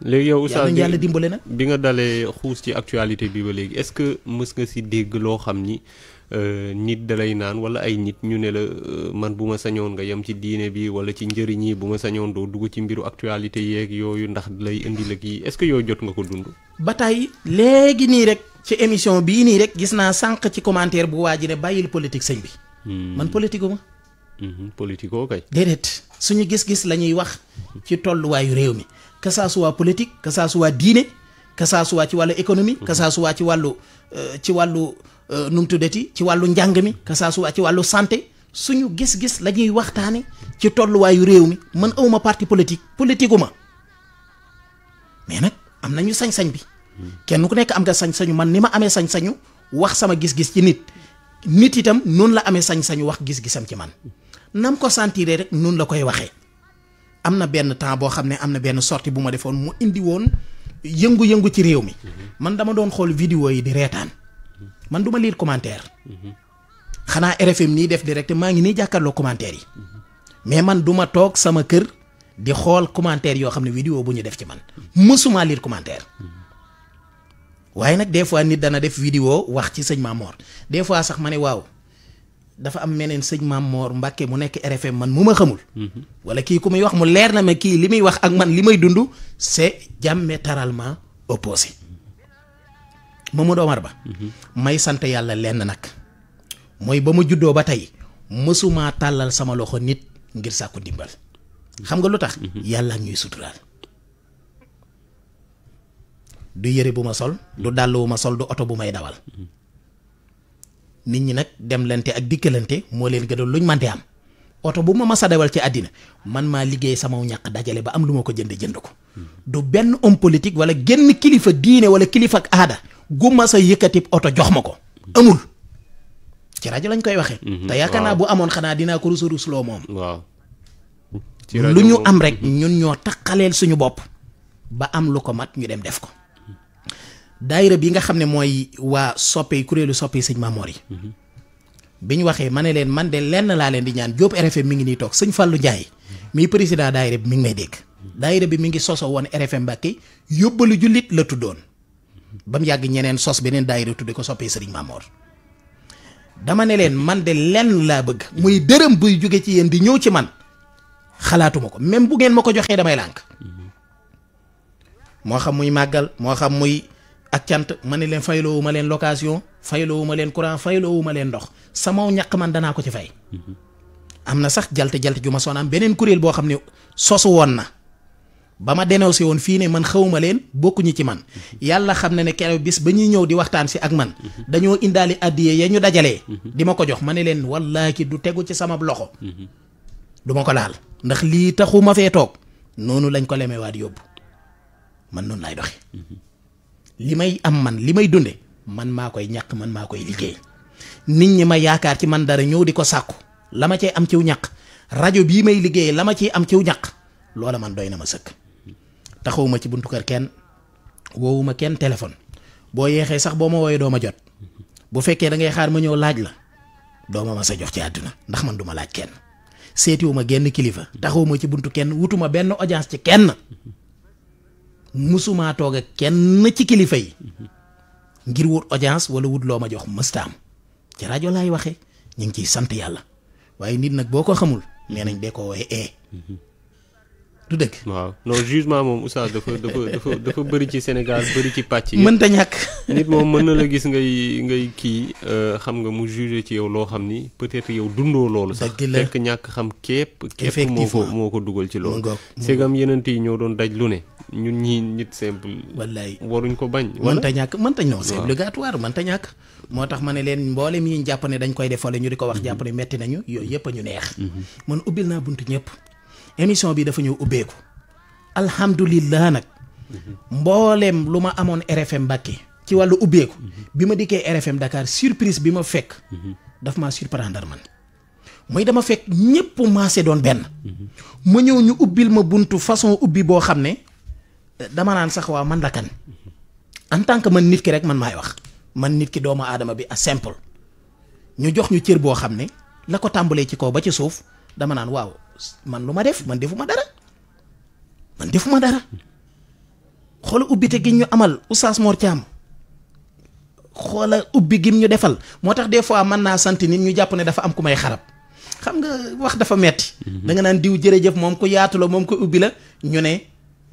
léegi yow Oustaz yàlla dimbale nag bi nga dalee xuus ci actualité bi ba léegi est-ce que mës nga si dégg loo xam ni. Euh, nit dalay naan wala ay nit ñu ne la euh, man bu ma sañoon nga yem ci diine bi wala ci njëriñ yi bu ma sañoon doo dugg ci mbiru actualité yeeg yooyu ndax lay indi la kii est-ce que yooyu jot nga ko dund. ba tey léegi nii rek ci émission bii nii rek gis naa sànq ci commentaire bu waa ji ne bàyyil politique sëñ bi. Hmm. man politique ma. Hmm, politique oo kay. déedéet suñu gis-gis la ñuy wax ci tolluwaayu réew mi que ça soit politique que ça soit diine que ci wàllu économie. que ça ci wàllu euh, ci wàllu. Euh, nu mu tuddati ci wàllu njàng mi que ça ci wàllu santé suñu gis-gis la ñuy waxtaane ci tolluwaayu réew mi man awma parti politique politique ma mais nag am nañu sañ-sañ bi kenn ku nekk am nga sañ-sañu man ni ma amee sañ-sañu wax sama gis-gis ci nit nit itam noonu la amee sañ-sañu wax gis-gisam ci man nam ko sentiree rek noonu la koy waxee am na benn temps boo xam ne am na benn sorti bu ma defoon mu indi woon yëngu-yëngu ci réew mi man dama doon xool vidéo yi di reetaan man du ma lire commentaire xanaa RFM nii def direct maa ngi nii jàkkaarloo commentaire yi mais man du ma toog sama kër di xool commentaire yoo xam ne vidéo bu ñu def ci man mësuma lire commentaire waaye nag des fois nit dana def vidéo wax ci sëñ Mamor des fois sax ma ne waaw dafa am meneen sëñ Mamor Mbàkke mu nekk RFM man mu ma xamul. wala kii ku muy wax mu leer na ma kii li muy wax ak man li may dund c'est diamétralement opposé. Mamadou Omar Ba. may sant yàlla lenn nag mooy ba ma juddoo ba tey mësumaa tàllal sama loxo nit ngir sàkku ndimbal xam nga lu tax. Mhm. yàlla ñuy suturaal. du yëre bu ma sol du dàll bu ma sol du oto bu may dawal nit ñi nag demlante ak dikkalante moo leen gënal luñ man mante am oto bu ma mas a dawal ci àddina man maa liggéey sama ñàq dajale ba am lu ma ko jënd jënd ko mhm. du benn homme politique wala genn kilifa diine wala kilifa ak aada gu sa yëkkati oto jox ma ko amul ci rajo lañ koy waxee. Mhm. te yaakaar naa bu amoon xanaa dinaa ko rusu loo moom. waaw lu ñu am rek ñun ñoo taqaleel suñu bopp ba am lu ko mat ñu dem def ko. daayira bi nga xam ne mooy waa soppee kuréelu soppe sëñ Mamoor yi. Mhm. bi ñu waxee ma ne leen man de lenn laa leen di ñaan Diop RFM mi ngi nii toog sëñ Fallou Ndiaye mii président daayira bi mi ngi may dégg. daayira bi mi ngi soso woon RFM Mbàkke yóbbalu jullit la tuddoon. ba mu yàgg ñeneen sos beneen daayira di ko soppee sëriñ Mamor dama ne leen man de lenn laa bëgg muy dërëm buy jóge ci yéen di ñëw ci man xalaatuma ko même bu ngeen ma ko joxee damay lànk moo xam muy màggal moo xam muy ak cant ma ne leen fayloowu ma leen location fayloowu ma leen courant fayloowu ma leen ndox sama ñàq man danaa ko ci fay mhm. am na sax jalte jalte ju ma soon am beneen kuréel boo xam ne sosu woon na ba ma dénoncé woon fii ne man xawuma leen bokkuñu ci man yàlla xam na ne keroog bis ba ñuy ñëw di waxtaan si ak man dañoo indaali addiye ya ñu dajalee di ma ko jox ma ne leen ki du tegu ci sama loxo du ma ko laal ndax lii taxuma fee toog noonu lañ ko lemewaat yóbbu man noonu laay doxe li may am man li may dunde man maa koy ñàkk man maa koy liggéey nit ñi ma yaakaar ci man dara ñëw di ko sàkku la ma cay am ciw ñàkk rajo bii may liggéey la ma ciy am ciw ñàkk loola man doy na ma sëkk taxawuma ci buntu kër kenn woowuma kenn téléphone boo yeexee sax boo ma wooyee doo ma jot bu fekkee da xaar ma ñëw laaj la dooma ma sa jox ci àdduna ndax man du ma laaj kenn seetiwuma genn kilifa taxawuma ci buntu kenn wutuma benn audience ci kenn musumaa toog ak kenn ci kilifa yi ngir wut audience wala wut loo ma jox mëstaam ci rajo laay waxee ñu ngi ciy sant yàlla waaye nit nag boo ko xamul nee nañ dee koo wooye ee eh. du dëgg. waaw non jugement moom oustaz dafa dafa dafa dafa bëri ci Sénégal bëri ci pàcc yi. mënta ñàkk. nit moom mën na la gis ngay ngay kii euh, xam nga mu jugé ci yow loo xam ni peut-être yow dundoo loolu. sax fekk ñàkk xam képp. képp moo ko moo ko dugal ci loolu. segam yeneen yi ñoo doon daj lu ne. ñun ñii nit simple. wallaay waruñ ko bañ. mënta ñàkk mënta ñëw c'est obligatoire mënta ñàkk. moo tax ma ne leen mboolem yi jàpp ne dañ koy defale ñu di ko wax mm-hmm. jàpp ne metti nañu yooyu yëpp ñu neex. Mm-hmm. man ubbil naa buntu ñëpp émission bi dafa ñëw ubbeeku alhamdulilah nag mbooleem lu ma amoon RFM Mbàkke ci wàllu ubbeeku bi ma dikkee RFM Dakar surprise bi ma fekk daf maa surprendre man mooy dama fekk ñépp maase doon benn ma ñëw ñu ubbil ma buntu façon ubbi boo xam ne dama naan sax waaw man la kan en tant que man nit ki rek man maay wax man nit ki doomu aadama bi a simple ñu jox ñu cër boo xam ne la ko tàmbalee ci kaw ba ci suuf dama naan waaw man lu ma def man defuma dara man defuma dara xoola ubbite gi ñu amal oustaz Mor Thiam xoola ubbi gim ñu defal moo tax des fois mën naa sant nit ñu jàpp ne dafa am ku may xarab xam nga wax dafa metti mhm. da naan diw jërëjëf moom ku yaatu la moom ko ubbi la ñu ne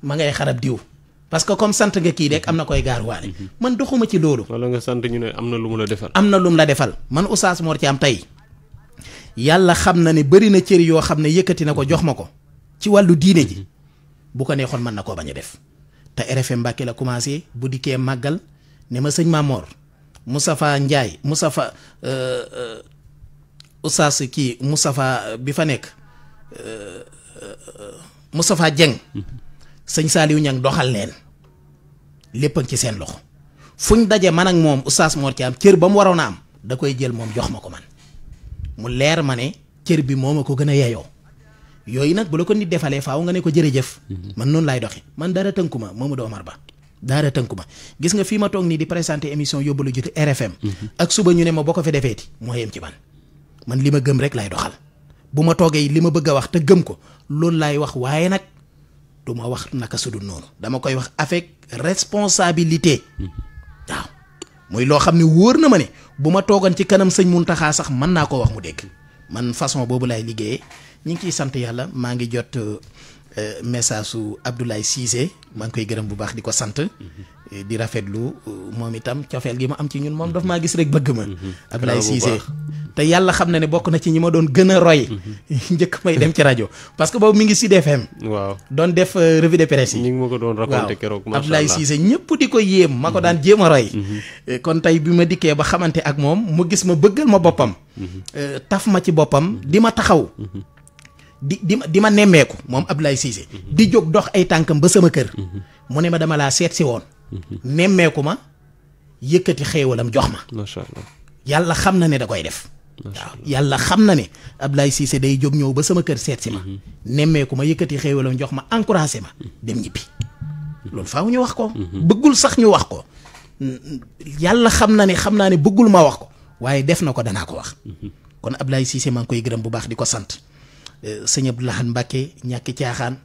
ma ngay xarab diw parce que comme sant nga kii rek am na koy gaaruwaale mhm. man doxuma ci loolu. wala nga sant ñu ne am na lu mu la defal. am na lu mu la defal man oustaz Mor am tey. yàlla xam na ne bëri na cër yoo xam ne yëkkati na ko jox ma ko ci wàllu diine ji bu ko neexoon mën na koo bañ a def te RFM Mbàkke la commencé bu dikkee màggal ne ma sëñ Mamor Moustapha Ndiaye Moustapha euh, euh, Oustaz kii Moustapha bi fa nekk euh, musafaa jeng sëñ Saliou Niang doxal leen lépp ci seen loxo fuñ daje man ak moom Oustaz Mor Thiam cër ba mu waroon a am da koy jël moom jox ma ko man. mu leer ma ne cër bi moo ma ko gën a yeyoo yooyu nag bu la ko nit defalee faaw nga ne ko jërëjëf. Mhm. man noonu laay doxee man dara tënku ma Mamadou doomar Ba. daara tënku ma gis nga fii ma toog nii di présenter émission la juti RFM. ak suba ñu ne ma boo ko fi defeeti moo yem ci man man li ma gëm rek lay doxal bu ma toogee li ma bëgg a wax te gëm ko loolu laay wax waaye nag du ma wax naka sudul noonu dama koy wax avec responsabilité mhm. waaw muy loo xam ne wóor na ma ne bu ma toogoon ci kanam sëñ mun taxaa sax mën naa ko wax mu dégg man façon boobu laay liggéeyee ñu kiy ciy sant yàlla maa ngi jot. Euh, Euh, message su Abdoulaye Cissé maa ngi koy gërëm bu baax di ko sant. Mhm. di rafetlu euh, moom itam cofeel gi ma am ci ñun moom dafa maa gis rek bëgg ma. Mhm. Abdoulaye Cissé te yàlla xam na ne bokk na ci ñi ma doon gën a roy. Mhm. njëkk may dem ci rajo parce que boobu mi ngi Sud FM. waaw doon def euh, revue de presse yi. ñu ma ko doon raconté keroog macha allah Abdoulaye Cissé ñëpp di ko yéem. ma ko daan jéem a roy. kon tey bi ma dikkee ba xamante ak moom mu gis ma bëggal ma boppam. taf ma ci boppam di ma taxaw. di di ma di ma nemmeeku moom lay siise di jóg dox ay tànkam ba sama kër. mu ne ma dama laa seet si woon. nemmeeku ma yëkkati xéewalam jox ma. macha yàlla xam na ne da koy def. yàlla xam na ne Abdoulaye Cissé day jóg ñëw ba sama kër seet ma. Mhm. nemmeeku ma yëkkati xéewalam jox ma encouragé ma dem ñibbi. Mhm. loolu faaw ñu wax ko. Mhm. bëggul sax ñu wax ko. yàlla xam na ne xam naa ne bëggul ma wax ko. waaye def na ko danaa ko wax. kon Abdoulaye Cissé maa ngi koy gërëm bu baax di ko sant. Euh, sëñ Abdou Lahad Mbacke ñàkk caaxaan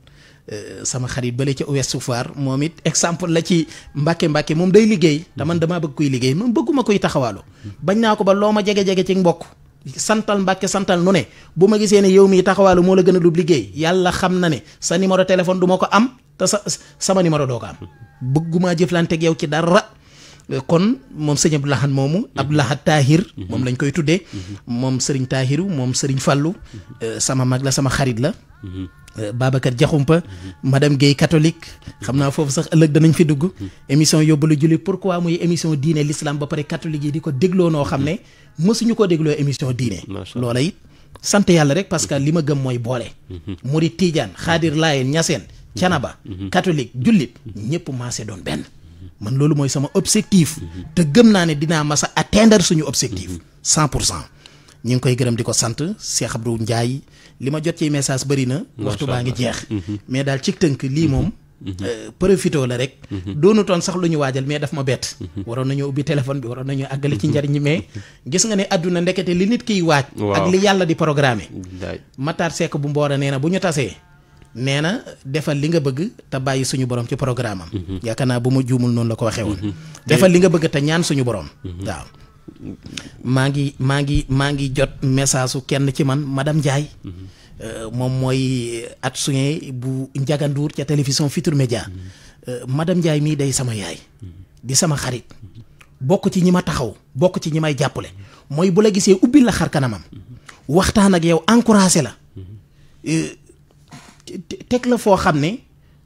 euh, sama xarit ba bale ca Ouest Foire moom it exemple la ci Mbacke Mbacke moom day liggéey dama man mhm. damaa bëgg kuy liggéey man bëgguma koy taxawaalu bañ naa ko ba loo ma jege jege ci mbokk santal Mbacke santal nu ne bu ma gisee ne yow mii taxawaalu moo la gën a dub liggéey yàlla xam na ne sa numéro téléphone duma ko am te sa sama numéro doo ko am mhm. bëggumaa jëflante ak ci dara. Euh, kon moom sëñ Abdou moomu ab Lahad Tahir mhm. moom lañ koy tuddee mhm. moom sëriñ Tahiru moom sëriñ Fàllu mhm. euh, sama mag la sama xarit la euh, Babacar ma dem Guèye catholique xam naa foofu sax ëllëg danañ fi dugg émission yóbbalu jullit pourquoi muy émission diine l'islam ba pare catholique yi di ko dégloo noo xam ne mësuñu ko dégloo émission diine loola it sant yàlla rek parce que li ma gëm mooy boole murid tiijaan xaadir laayeen ñaseen canaba catholique jullit ñëpp maase doon benn man loolu mooy sama objectif. Mhm. te gëm naa ne dinaa ma sa atteindre suñu objectif. 100 mhm. pour cent ñu ngi koy gërëm di ko sant Cheikh du Ndiaye li ma jot ci message bëri na. waxtu baa ngi jeex. Mhm. mais daal ci tënk lii moom. Euh, profito la rek. doonutoon sax lu ñu waajal mais daf ma bett. waroon nañoo ubbi téléphone bi waroon nañoo àggale ci njariñ mais gis nga ne àdduna ndekete li nit kiy waaj. ak li yàlla di programmer. Matar Seck bu Mboora nee na bu ñu tasee. nee na defal li nga bëgg te bàyyi suñu borom ci programme am. Mhm. naa bu ma juumul noonu la ko waxee woon. Mhm. defal li nga bëgg te ñaan suñu borom. Mhm. waaw maa ngi maa ngi maa ngi jot message su kenn ci man madame Ndiaye. Euh, moom mooy at suñu bu njaganduur ca télévision Futurs Médias euh, madame Ndiaye mii day sama yaay. di sama xarit. bokk ci ñi ma taxaw bokk ci ñi may jàppale. mooy bu la gisee ubbi la xar kanamam. waxtaan ak yow encouragé la. Euh, teg la foo xam ne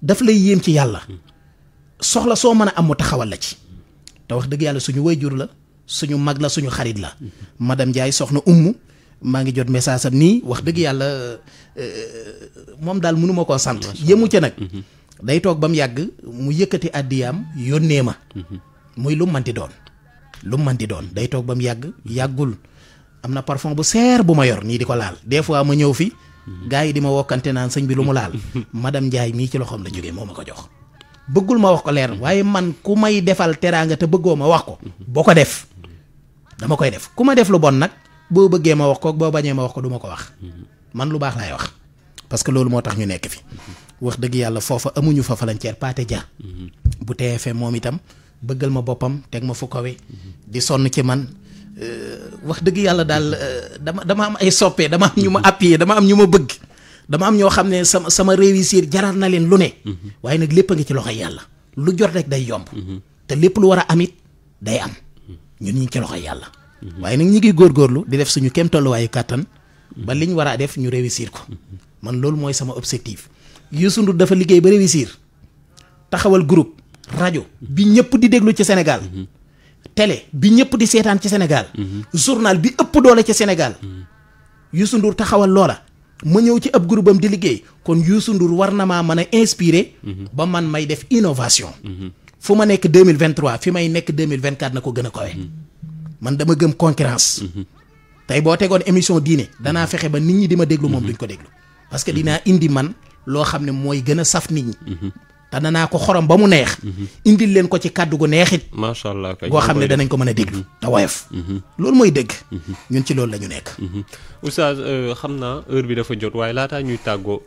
daf lay yéem ci yàlla soxla soo mën a am mu taxawal la ci te wax dëgg yàlla suñu jur la suñu mag la suñu xarit la ma dem Ndiaye soxna umu maa ngi jot message am nii wax dëgg yàlla euh, moom daal mënuma koo sant yëmu ca nag mm-hmm. day toog ba mu yàgg mu yëkkati àddiyaam yónnee ma mm-hmm. muy lu di doon lu di doon day toog ba mu yàgg yàggul am na parfum bu seer bu ma yor nii di ko laal des fois ma ñëw fi gaa yi di ma wokkante naan sëñ bi lu mu laal madame Ndiaye mii ci loxoom la jógee moo ma ko jox bëggul ma wax ko leer waaye man ku may defal teraanga te bëggoo ma wax ko boo ko def dama koy def ku ma def lu bon nag boo bëggee ma wax ko boo bañee ma wax ko duma ko wax man lu baax laay wax parce que loolu moo tax ñu nekk fi wax dëgg yàlla foofa amuñu fa falanceer Paate Dia mm-hmm. bu fee moom itam bëggal ma boppam teg ma fu kawe di sonn ci man Euh, wax dëgg yàlla daal euh, dama dama am ay soppee dama am ñu ma appuyé dama am ñu ma bëgg dama am ñoo xam ne sama sama réussir jaral na leen lu ne mhm. waaye nag lépp a ngi ci loxo yàlla lu jot rek day yomb mhm. te lépp lu war a am day am mhm. ñun ñu ngi ci loxo yàlla waaye nag ñi ngi góorgóorlu di def suñu kem tolluwaayu kàttan ba liñ war a def ñu réussir ko man loolu mooy sama objectif Youssou Ndour dafa liggéey ba réussir taxawal groupe rajo bi ñëpp di déglu ci Sénégal tele bi ñëpp di seetaan ci Sénégal. Mhm. journal bi ëpp doole ci Sénégal. Mhm. Youssou Ndour taxawal loola. ma ñëw ci ab groupe am di liggéey kon Youssou Ndour war na maa mën a inspiré. Mhm. ba man may def innovation. fu ma nekk deux mille vingt trois may nekk deux mille vingt quatre na ko gën a kawe. man dama gëm concurrence. tey boo tegoon émission diine danaa fexe ba nit ñi di ma déglu moom duñ ko déglu. parce que dinaa indi man loo xam ne mooy gën a saf nit ñi. te naa ko xorom ba mu neex. Mhm. indil leen ko ci kàddu gu neexit. macha allah kay goo xam ne danañ ko mën a déglu. Mhm. te woyof. Mhm. loolu mooy dégg. ñun ci loolu la ñu nekk. oustaz euh, xam naa heure bi dafa jot waaye laataa ñuy tàggoo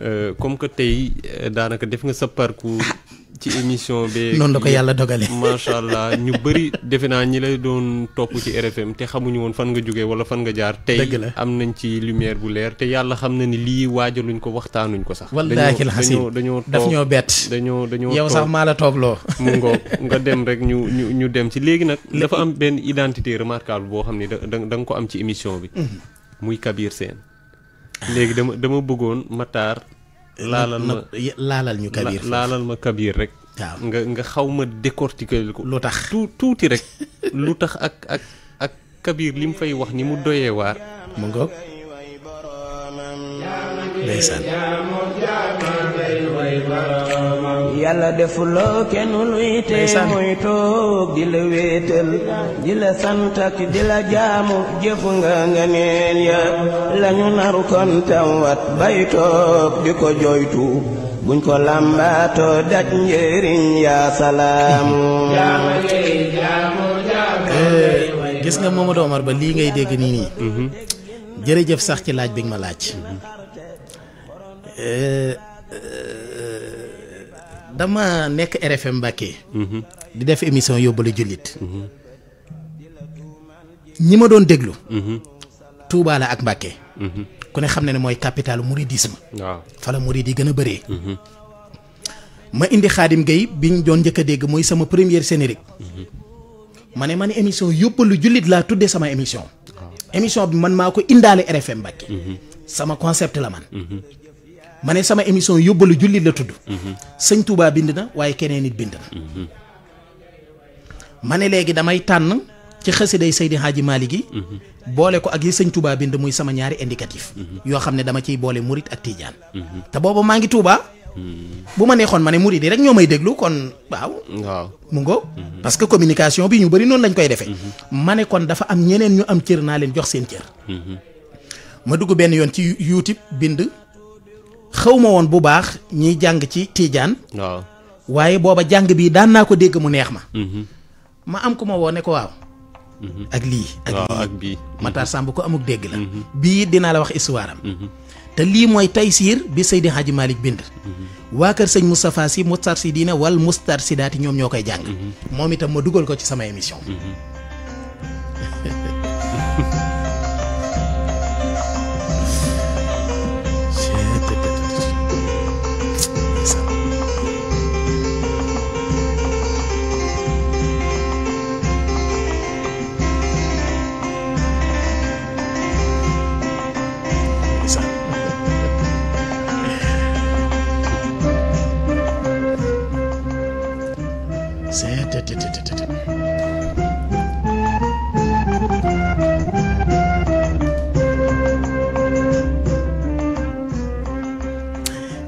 euh, comme que tey euh, daanaka def nga sa parcours. Ah, ci émission bi. noonu la ko yàlla dogalee macha allah ñu bëri defe naa ñi lay doon topp ci RFM te xamuñu woon fan nga jógee wala fan nga jaar. tey am nañ ci lumière bu leer te yàlla xam na ni lii waajaluñ ko waxtaanuñ ko sax. wallaahi dañoo dañoo daf ñoo bett. dañoo dañoo yow sax maa la toog loo mu ngoog nga dem rek ñu ñu ñu dem ci léegi nag. dafa am benn identité remarquable boo xam ni da da nga ko am ci émission bi. Mhm. muy Kabir Sène. léegi dama dama bëggoon Matar. laalal ma laalal ñu Kabir laalal ma Kabir rek. waaw nga nga xaw ma décortiquer ko. lu tax tu tuuti rek. lu tax ak ak ak Kabir li mu fay wax ni mu doyee waar. mu ngoog ndeysaan. yàlla defuloo kenn luy tee muy toog di la wéetal di la sant di la jaamu jëfu nga nga neen ya lañu naru kon tawat bay toog di ko joytu buñ ko làmbaatoo daj njëriñ yaa salaamu eh, gis nga Mamadou Omar Ba lii ngay dégg nii nii mhm. jërëjëf sax ci laaj bi nga ma laaj mhm. eh, eh, dama nekk RFM Mbacke. Mhm. di def émission yóbbalu jullit. ñi ma doon déglu. Mhm. Touba la ak Mbacke. Mhm. ku ne xam ne ne mooy capitale mouridisme. waaw fa la murid gën a bëree. ma indi Xaadim bi ñu doon njëkk a dégg mooy sama première générique. ma ne man émission yóbbalu jullit laa tuddee sama émission. Ah. émission bi man maa ko indaale RFM Mbacke. sama concept la man. ma ne sama émission yóbbalu jullit la tudd. Mhm. sëñ Touba bind na waaye keneen it bind na. Mhm. ma ne léegi damay tànn ci xasiday Seydi Hadji Malick gi. Mhm. boole ko ak yi sëñ Touba bind muy sama ñaari indicatif. yoo xam ne dama ciy boole murit ak Tidiane. te booba maa ngi Touba. bu ma neexoon ma ne murit yi rek ñoo may déglu kon waaw. mungo mu ngo parce que communication bi ñu bari noonu lañ koy defee. ma ne kon dafa am ñeneen ñu am cër naa leen jox seen cër. ma dugg benn yoon ci YouTube bind. xaw ma woon bu baax ñiy jàng ci tiijaan waaye booba jàng bii daan naa ko dégg mu neex ma mhm. ma am ku ma woo ne ko waaw mhm. ak lii ak bii mhm. Matar Samb ko amuk dégg la bii dinaa la wax histoire te lii mooy taysiir bi Seydi Hadji Malick bind waa kër sëñ Moustapha Sy mustar si diine wal mustar si ñoom ñoo koy jàng moom itam ma dugal ko ci sama émission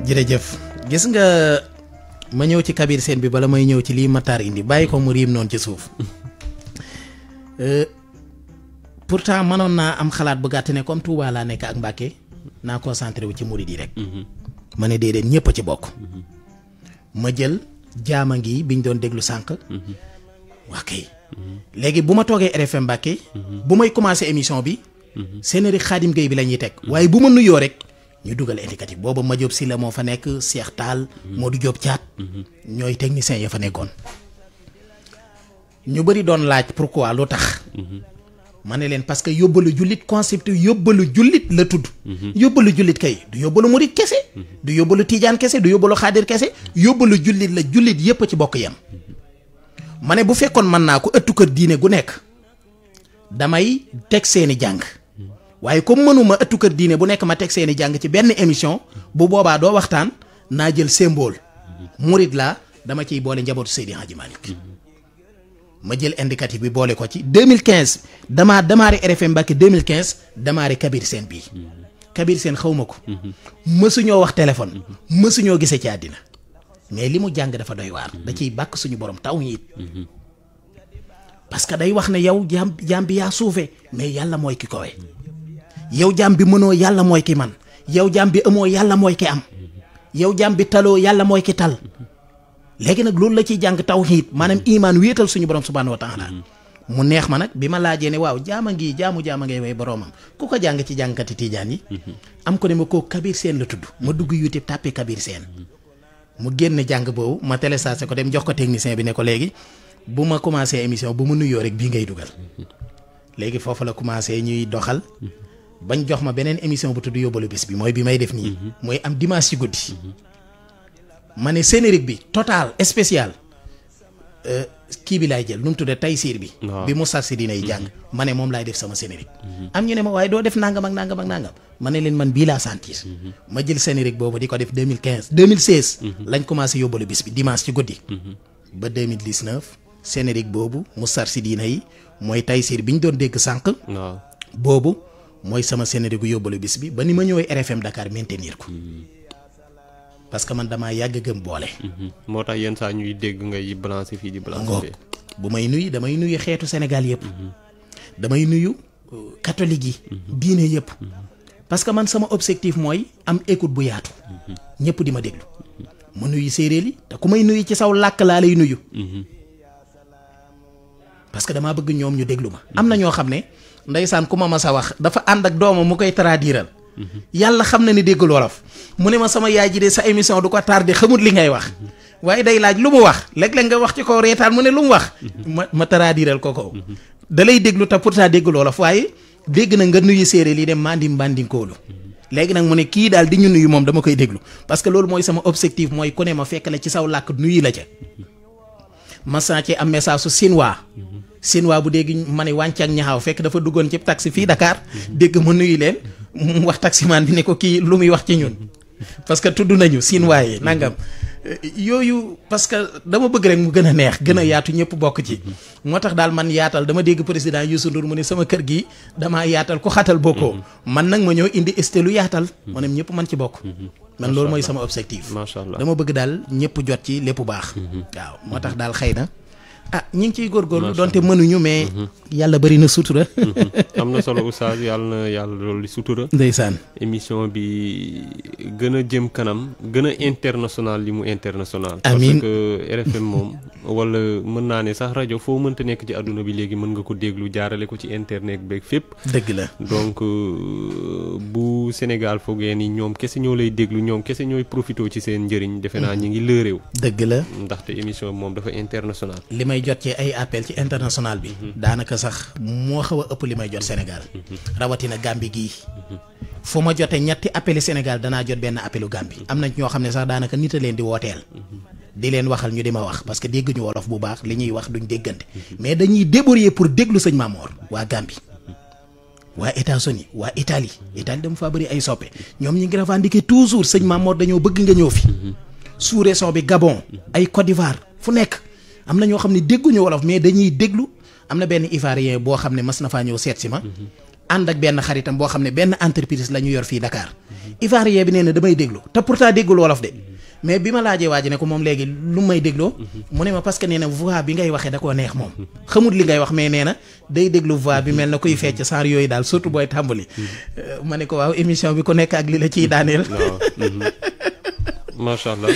jërëjëf gis nga ma ñëw ci Kabir Sène bi bala may ñëw ci lii Matar indi bàyyi ko mu riim noonu ci suuf euh, pourtant mënoon naa am xalaat bu gàtt ne comme laa nekk ak Mbacke naa concentré wu ci murid yi rek. Mhm. ma ne déedéet ñëpp ci bokk. Mhm. ma jël jaama ngi biñ doon déglu sànq. Mhm. waa kay léegi bu ma toogee RFM Mbacke. bu may commencé émission bi. Sénéri Xaadim géey bi la ñuy teg. waaye bu ma yoo rek. ñu dugal indicatif booba Majob Sila moo fa nekk Seex Taal du Diop caat mhm. ñooy techniciens ya fa nekkoon ñu bëri doon laaj pour pourquoi lu tax mhm. ma ne leen parce que yóbbalu jullit concept yóbbalu jullit la tudd mhm. yóbbalu jullit kay du yóbbalu murit kese du yóbbalu tiijaan kese du yóbbalu xaadir kese yóbbalu jullit la jullit yépp ci bokk yem ma ne bu fekkoon mën naa ko ëttu kër diine gu nekk damay teg seeni jàng waaye comme mënuma ëttu kër diine bu nekk ma teg seeni jàng ci benn émission bu boobaa doo waxtaan naa jël symbole murid laa dama ciy boole njabootu Seydi Hadji Malick ma jël indicatif bi boole ko ci 2015 damaa démarré RFM Mbacke 2015 démarré Kabir seen bii Kabir seen xaw ma ko mësuñoo wax téléphone mësuñoo gise ci àddina mais li mu jàng dafa doy waar da ciy bàkk suñu borom taw ñiit parce que day wax ne yow jaam jaam bi yaa suufe mais yàlla mooy ki kowe yow jaam bi mënoo yàlla mooy ki man yow jaam bi amoo yàlla mooy ki am yow jaam bi taloo yàlla mooy ki tal léegi nag loolu la ciy jàng tawhiid maanaam imaan wéetal suñu borom subhaanahu wa taala mu neex ma nag bi ma laajee ne waaw jaama ngi jaamu jaama ngay way boroomam ku ko jàng ci jàngkati tiijaan yi am ko ne ma koo Kabir seen la tudd ma dugg yuti tàppi Kabir seen mu génn jàng boobu ma tele téléchargé ko dem jox ko technicien bi ne ko léegi bu ma commencé émission bu ma nuyoo rek bii ngay dugal foofu la commencé ñuy doxal bañ jox ma beneen émission bu tudd yóbbalu bis bi mooy bi may def nii. Mhm. mooy am dimanche ci guddi. Mhm. ma ne générique bi total spécial euh, kii bi laay jël nu mu tuddee taysiir bi. bi mu sarsi dinay jàng. Mhm. ma ne moom laay def sama générique. am ñu ne ma waaye doo def nangam ak nangam ak nangam ma ne leen man bii laa sentir. ma jël générique boobu di ko def 2015 2016. lañ commencé yóbbalu bis bi dimanche ci guddi. ba 2019 générique boobu mu sarsi diina yi mooy taysiir bi ñu doon dégg sànq. boobu. mooy sama scénario gu yóbbalu bis bi ba ni ma ñëwee RFM Dakar maintenir ko. parce que man damaa yàgg gëm boole. Mm-hmm. moo tax yenn saa ñuy dégg ngay balancer fii di balancer. bu may nuyu damay nuyu xeetu Sénégal yëpp. Mm-hmm. damay nuyu euh, catholique yi. Mm-hmm. diine yëpp. parce que man sama objectif mooy am écoute bu yaatu. ñëpp di ma déglu. ma nuyu séeréer yi te ku may nuyu ci saw làkk laa lay nuyu. parce que damaa bëgg ñoom ñu déglu ma. am na ñoo xam ne. ndeysaan ku ma mas a wax dafa ànd ak doomam mu koy traduiral yàlla xam na ni déggul wolof mu ne ma sama yaay ji de sa émission du ko tardé xamut li ngay wax waaye day laaj lu mu wax léeg-léeg nga wax ci kaw reetaan mu ne lu mu wax ma ma traduiral ko ko da lay déglu te pourtant déggul wolof waaye dégg na nga nuyu séeréer lii dem mandim bandinkoolu léegi nag mu ne kii daal di ñu nuyu moom dama koy déglu parce que loolu mooy sama objectif mooy ku ne ma fekk la ci saw làkk nuyu la ca masan ci am message su sinwaa siin waa bu dégg ma ne wànc ak ñaxaaw fekk dafa duggoon ci taxi fii dakaar dégg ma nuyu leen mu wax taximaan bi ne ko kii lu muy wax ci ñun parce que tudd nañu siin waaye nangam yooyu parce que dama bëgg rek mu gën a neex gën a yaatu ñëpp bokk ci moo tax daal man yaatal dama dégg président Youssou Ndour mu ne sama kër gi damaa yaatal ku xatal bokkoo man nag ma ñëw indi estelu yaatal maanaam ñëpp man ci bokk man loolu mooy sama objectif dama bëgg daal ñëpp jot ci lépp baax mhm. waaw moo tax daal xëy na ah ñu ngi ciy góorgóorlu donte mënuñu mais. Mhm. yàlla bari na sutura. Mhm. am na solo oustaz yàlla na yàlla loolu di sutura. ndeysaan émission bi gën a jëm kanam gën a international li mu international. amiin parce moom wala mën naa ne sax rajo foo mënta nekk ci àdduna bi léegi mën nga ko déglu jaarale ko ci internet beeg fépp. dëgg la donc euh, bu Sénégal foogee ni ñoom kese ñoo lay déglu ñoom kese ñooy profité ci seen njëriñ. defe naa mhm. ñu ngi lëreew. dëgg la ndaxte émission moom dafa international. may jot ci ay appel ci international bi mhm. daanaka sax moo xaw ëpp li may jot Sénégal mhm. Mhm. rawatina Gambie gii fu ma jote ñetti appeli Sénégal danaa jot benn appelu gambi am na ñoo xam ne sax daanaka nit a leen di wooteel di leen waxal ñu di ma wax parce que dégguñu wolof bu baax li ñuy wax duñ déggante mais dañuy débrouiller pour déglu sëñ Mamor waa Gambie waa États-Unis waa Italie Italie dama faa bëri ay soppe ñoom ñi ngi revendiquer toujours sëñ Mamor dañoo bëgg nga ñëw fi am na ñoo xam ne dégguñu wolof mais dañuy déglu am na benn ivoirien boo xam ne masina faa ñëw seet si ma. Mhm. ànd ak benn xaritam boo xam ne benn entreprise la ñu yor fii Dakar. ivoirien bi nee na damay déglu te pourtant déggul wolof de. Mhm. mais bi ma laajee waa ji ne ko moom léegi lu may dégloo. Mhm. mu ne ma parce que nee na voix bi ngay waxee da koo neex moom. xamut li ngay wax mais nee na day déglu voix bi mel na kuy fecc saar yooyu daal surtout booy tàmbali. Euh, ma ne ko waaw émission bi ku nekk ak li la ciy daaneel. macha allah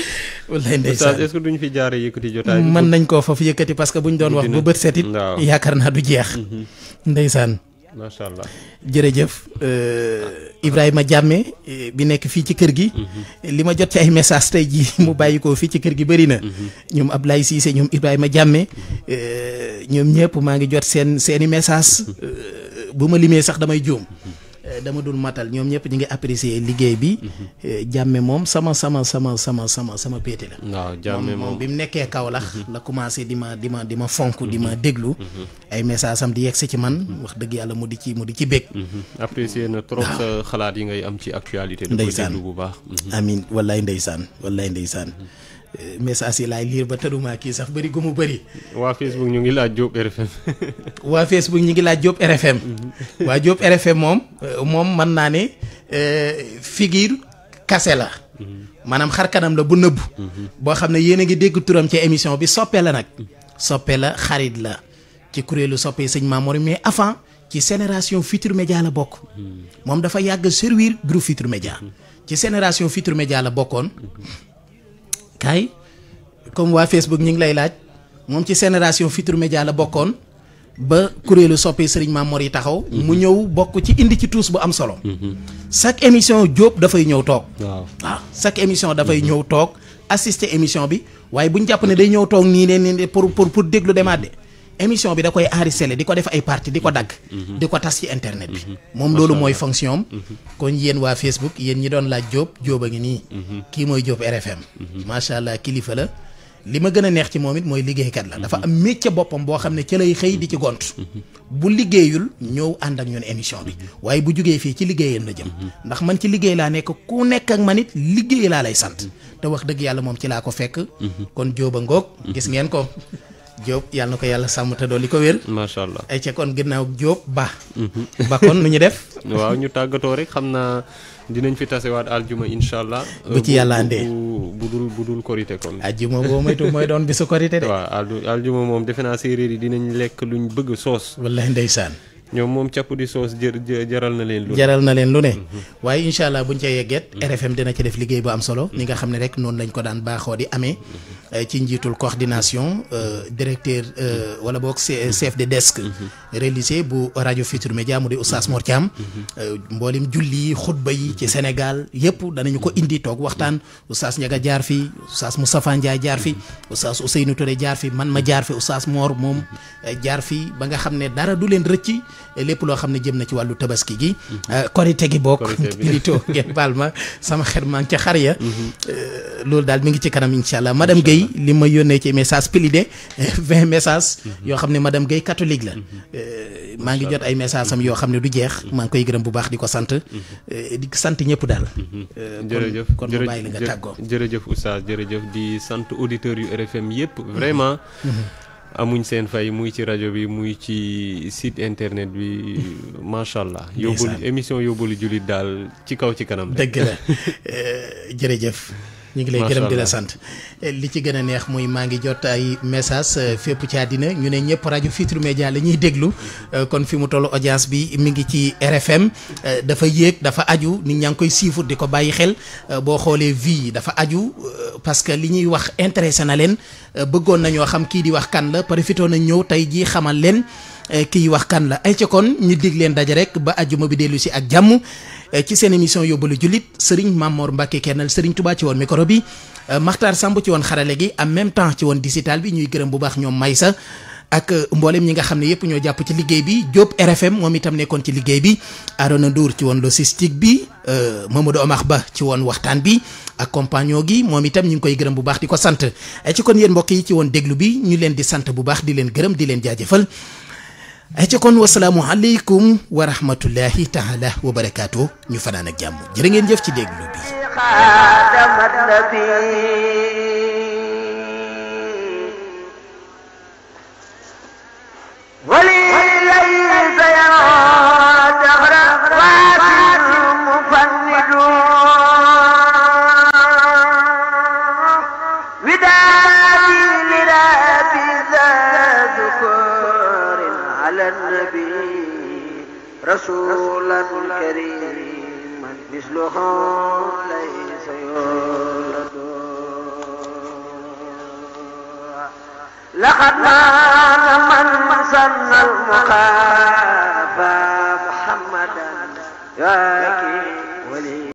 wallaay ndeysaan est-ce que duñ fi jaare yëkkati jotaay mën nañ koo foofu yëkkati parce que buñ doon wax bu bët set it yaakaar naa du jeex mhm. ndeysaan macha allah jërëjëf euh, Ibrahima Jàmme euh, bi nekk fii ci kër gi mhm. li ma jot ci ay message tey jii mu bàyyi ko fii ci kër gi bëri na mhm. ñoom Ablaye Cissé ñoom Ibrahima Jàmme euh, ñoom ñëpp maa ngi jot seen seeni message bu ma limee sax damay juum Euh, dama dul matal ñoom ñëpp ñu ngi apprécier liggéey bi. Mhm. Euh, jàmme moom sama sama sama sama sama sama péete la. waaw jàmme moom bi mu nekkee Kaolack. Mhm. la commencé di ma di ma di ma fonk di ma mhm. déglu. ay message am di yegg si ci man. wax dëgg yàlla mu di ci mu di ci bég. apprécier na trop sa xalaat yi ngay am ci actualité. ndeysaan da koy bu baax. amiin wallaay ndeysaan wallaay ndeysaan. message yi laay liir ba tërumaa kii sax bëri gu mu bëri. waa Facebook ñu ngi laa Diop RFM. waa Facebook ñu ngi laaj Diop RFM. Mm-hmm. waa RFM moom. moom mën naa ne euh, figure kase la. Mm-hmm. maanaam xar kanam la bu nëbb mm-hmm. boo xam ne yéen a ngi dégg turam ci émission bi soppee la nag. soppe la xarit la ci kuréelu soppe sëñ Mamour mais avant ci génération Futurs Médias la bokk. moom dafa yàgg servir groupe Futurs Médias. ci génération Futurs Médias la bokkoon. kaay comme waa Facebook ñu ngi lay laaj moom ci génération Futurs Médias la bokkoon ba kuréelu soppee sëriñ Maam Mor yi taxaw. mu ñëw bokk ci indi ci tous bu am solo. chaque émission Diop dafay ñëw toog. waaw waaw chaque émission dafay ñëw toog assister émission bi waaye bu ñu jàpp ne day ñëw toog nii ne nii pour pour pour déglu demaat de. émission bi da koy enregistré di ko def ay parti di ko dagg. Mhm. di ko tas ci internet bi. Mhm. moom loolu mooy fonction am. Mhm. kon yéen waa Facebook yéen ñi doon laaj Diop Diop a ngi nii. kii mooy Diop RFM. macha allah kilifa la. li ma gën a neex ci moom it mooy liggéeykat la dafa am métier boppam boo xam ne ca lay xëy di ci gont bu liggéeyul ñëw ànd ak ñun émission bi waaye bu jugee fii ci liggéeyam na jëm ndax man ci liggéey laa nekk ku nekk ak man it liggéey laa lay sant te wax dëgg yàlla moom ci laa ko fekk kon jóoba ngoog gis ngeen ko Diop yàlla na ko yàlla sàmm te doo li ko wér. macha allah ay ca kon ginnaaw Diop ba. Mhm. ba kon nu ñu def. waaw ñu tàggatoo rek xam naa dinañ fi tasewaat aljuma incha allah. bu ci yàlla andee bu dul bu dul korité kon. aljuma boo moytu mooy doon bisu korité de. waaw aljuma moom defe naa séeréer yi dinañ lekk lu ñu bëgg soos. wallahi ndeysaan. ñoom moom capp di soos jë jaral na leen lu ne. jaral na leen lu ne. Mm-hmm. waaye incha allah buñ ca yeggeet. RFM mm-hmm. dina ci def liggéey bu am solo. ni nga xam ne rek noonu lañ ko daan baaxoo di amee. Mm-hmm. Eh, ci njiitul coordination eh, directeur eh, wala boog chef de desk. réalisé bu rajo Futurs Médias mu di Oustaz ci am mboolem julli yi xutba yi ci Sénégal yëpp danañu ko indi toog waxtaan Oustaz Ndiaga jaar fi Oustaz Moustapha Ndiaye jaar fi Oustaz Ousseynou Touré jaar fi man ma jaar fi Oustaz Mor moom jaar fi ba nga xam ne dara du leen rëcc. lépp loo xam ne jëm na ci wàllu tabaski gi mhm. euh, korite gi bokk plutôt ngeen baal ma sama xel maa ngi ca xar ya mhm. euh, loolu daal mi ngi ci kanam incha allah madame Guèye li ma yónnee ci message plus de euh, vingt messages mhm. yoo xam ne madame Guèye catholique la maa ngi jot ay message am yoo xam ne du jeex maa ngi koy gërëm bu baax di ko sant di sant ñëpp daal jërëjëf kon mu bàyyi la nga tàggoo jërëjëf jërëjëf di sant auditeurs yu RFM yëpp vraiment amuñ seen fay muy ci rajo bi muy ci site internet bi macha allah. yóbbalu émission yóbbalu jullit daal ci kaw ci kanam. dëgg la eh, jërëjëf. ñu ngi lay gërëm di la sant li ci gën a neex muy maa ngi jot ay message euh, fépp ci àddina ñu ne ñëpp rajo Futurs Médias la ñuy déglu euh, kon fi mu toll audience bi mi ngi ci RFM euh, dafa yéeg dafa aju nit ñaa ngi koy siifut di ko bàyyi xel boo xoolee vie yi dafa aju parce que li ñuy wax intéressé na leen bëggoon nañoo xam kii di wax kan la profité na ñëw tey jii xamal leen kii wax kan la ay ca kon ñu dig leen daje rek ba ajuma bi dellu si ak jàmm Eh, ci seen émission yóbbalu jullit Serigne Mamor Mbacke kennal Serigne Touba ci woon mikoro bi eh, Makhtar Samb ci woon xarale gi en même temps ci woon digital bi ñuy gërëm bu baax ñoom Maysa ak eh, mboolem ñi nga xam ne yëpp ñoo jàpp ci liggéey bi Diop RFM moom itam nekkoon ci liggéey bi Arona Ndour ci woon logistique bi Mamadou Omar Ba ci woon waxtaan bi ak gi moom itam ñu ngi koy gërëm bu baax di ko sant ci kon yéen mbokk yi ci woon déglu bi ñu leen di sant bu baax di leen gërëm di leen jaajëfal ay eh, ca kon wasalaamu aleykum wa taala wa barakaatu ñu fanaan a jàmm jërë ngeen jëf ci déglu bi nabi wali lay sayara dahra waatil mufannidun رسولا كريما مثله ليس يولد لقد مات من مسن المخافى محمدا يا كريم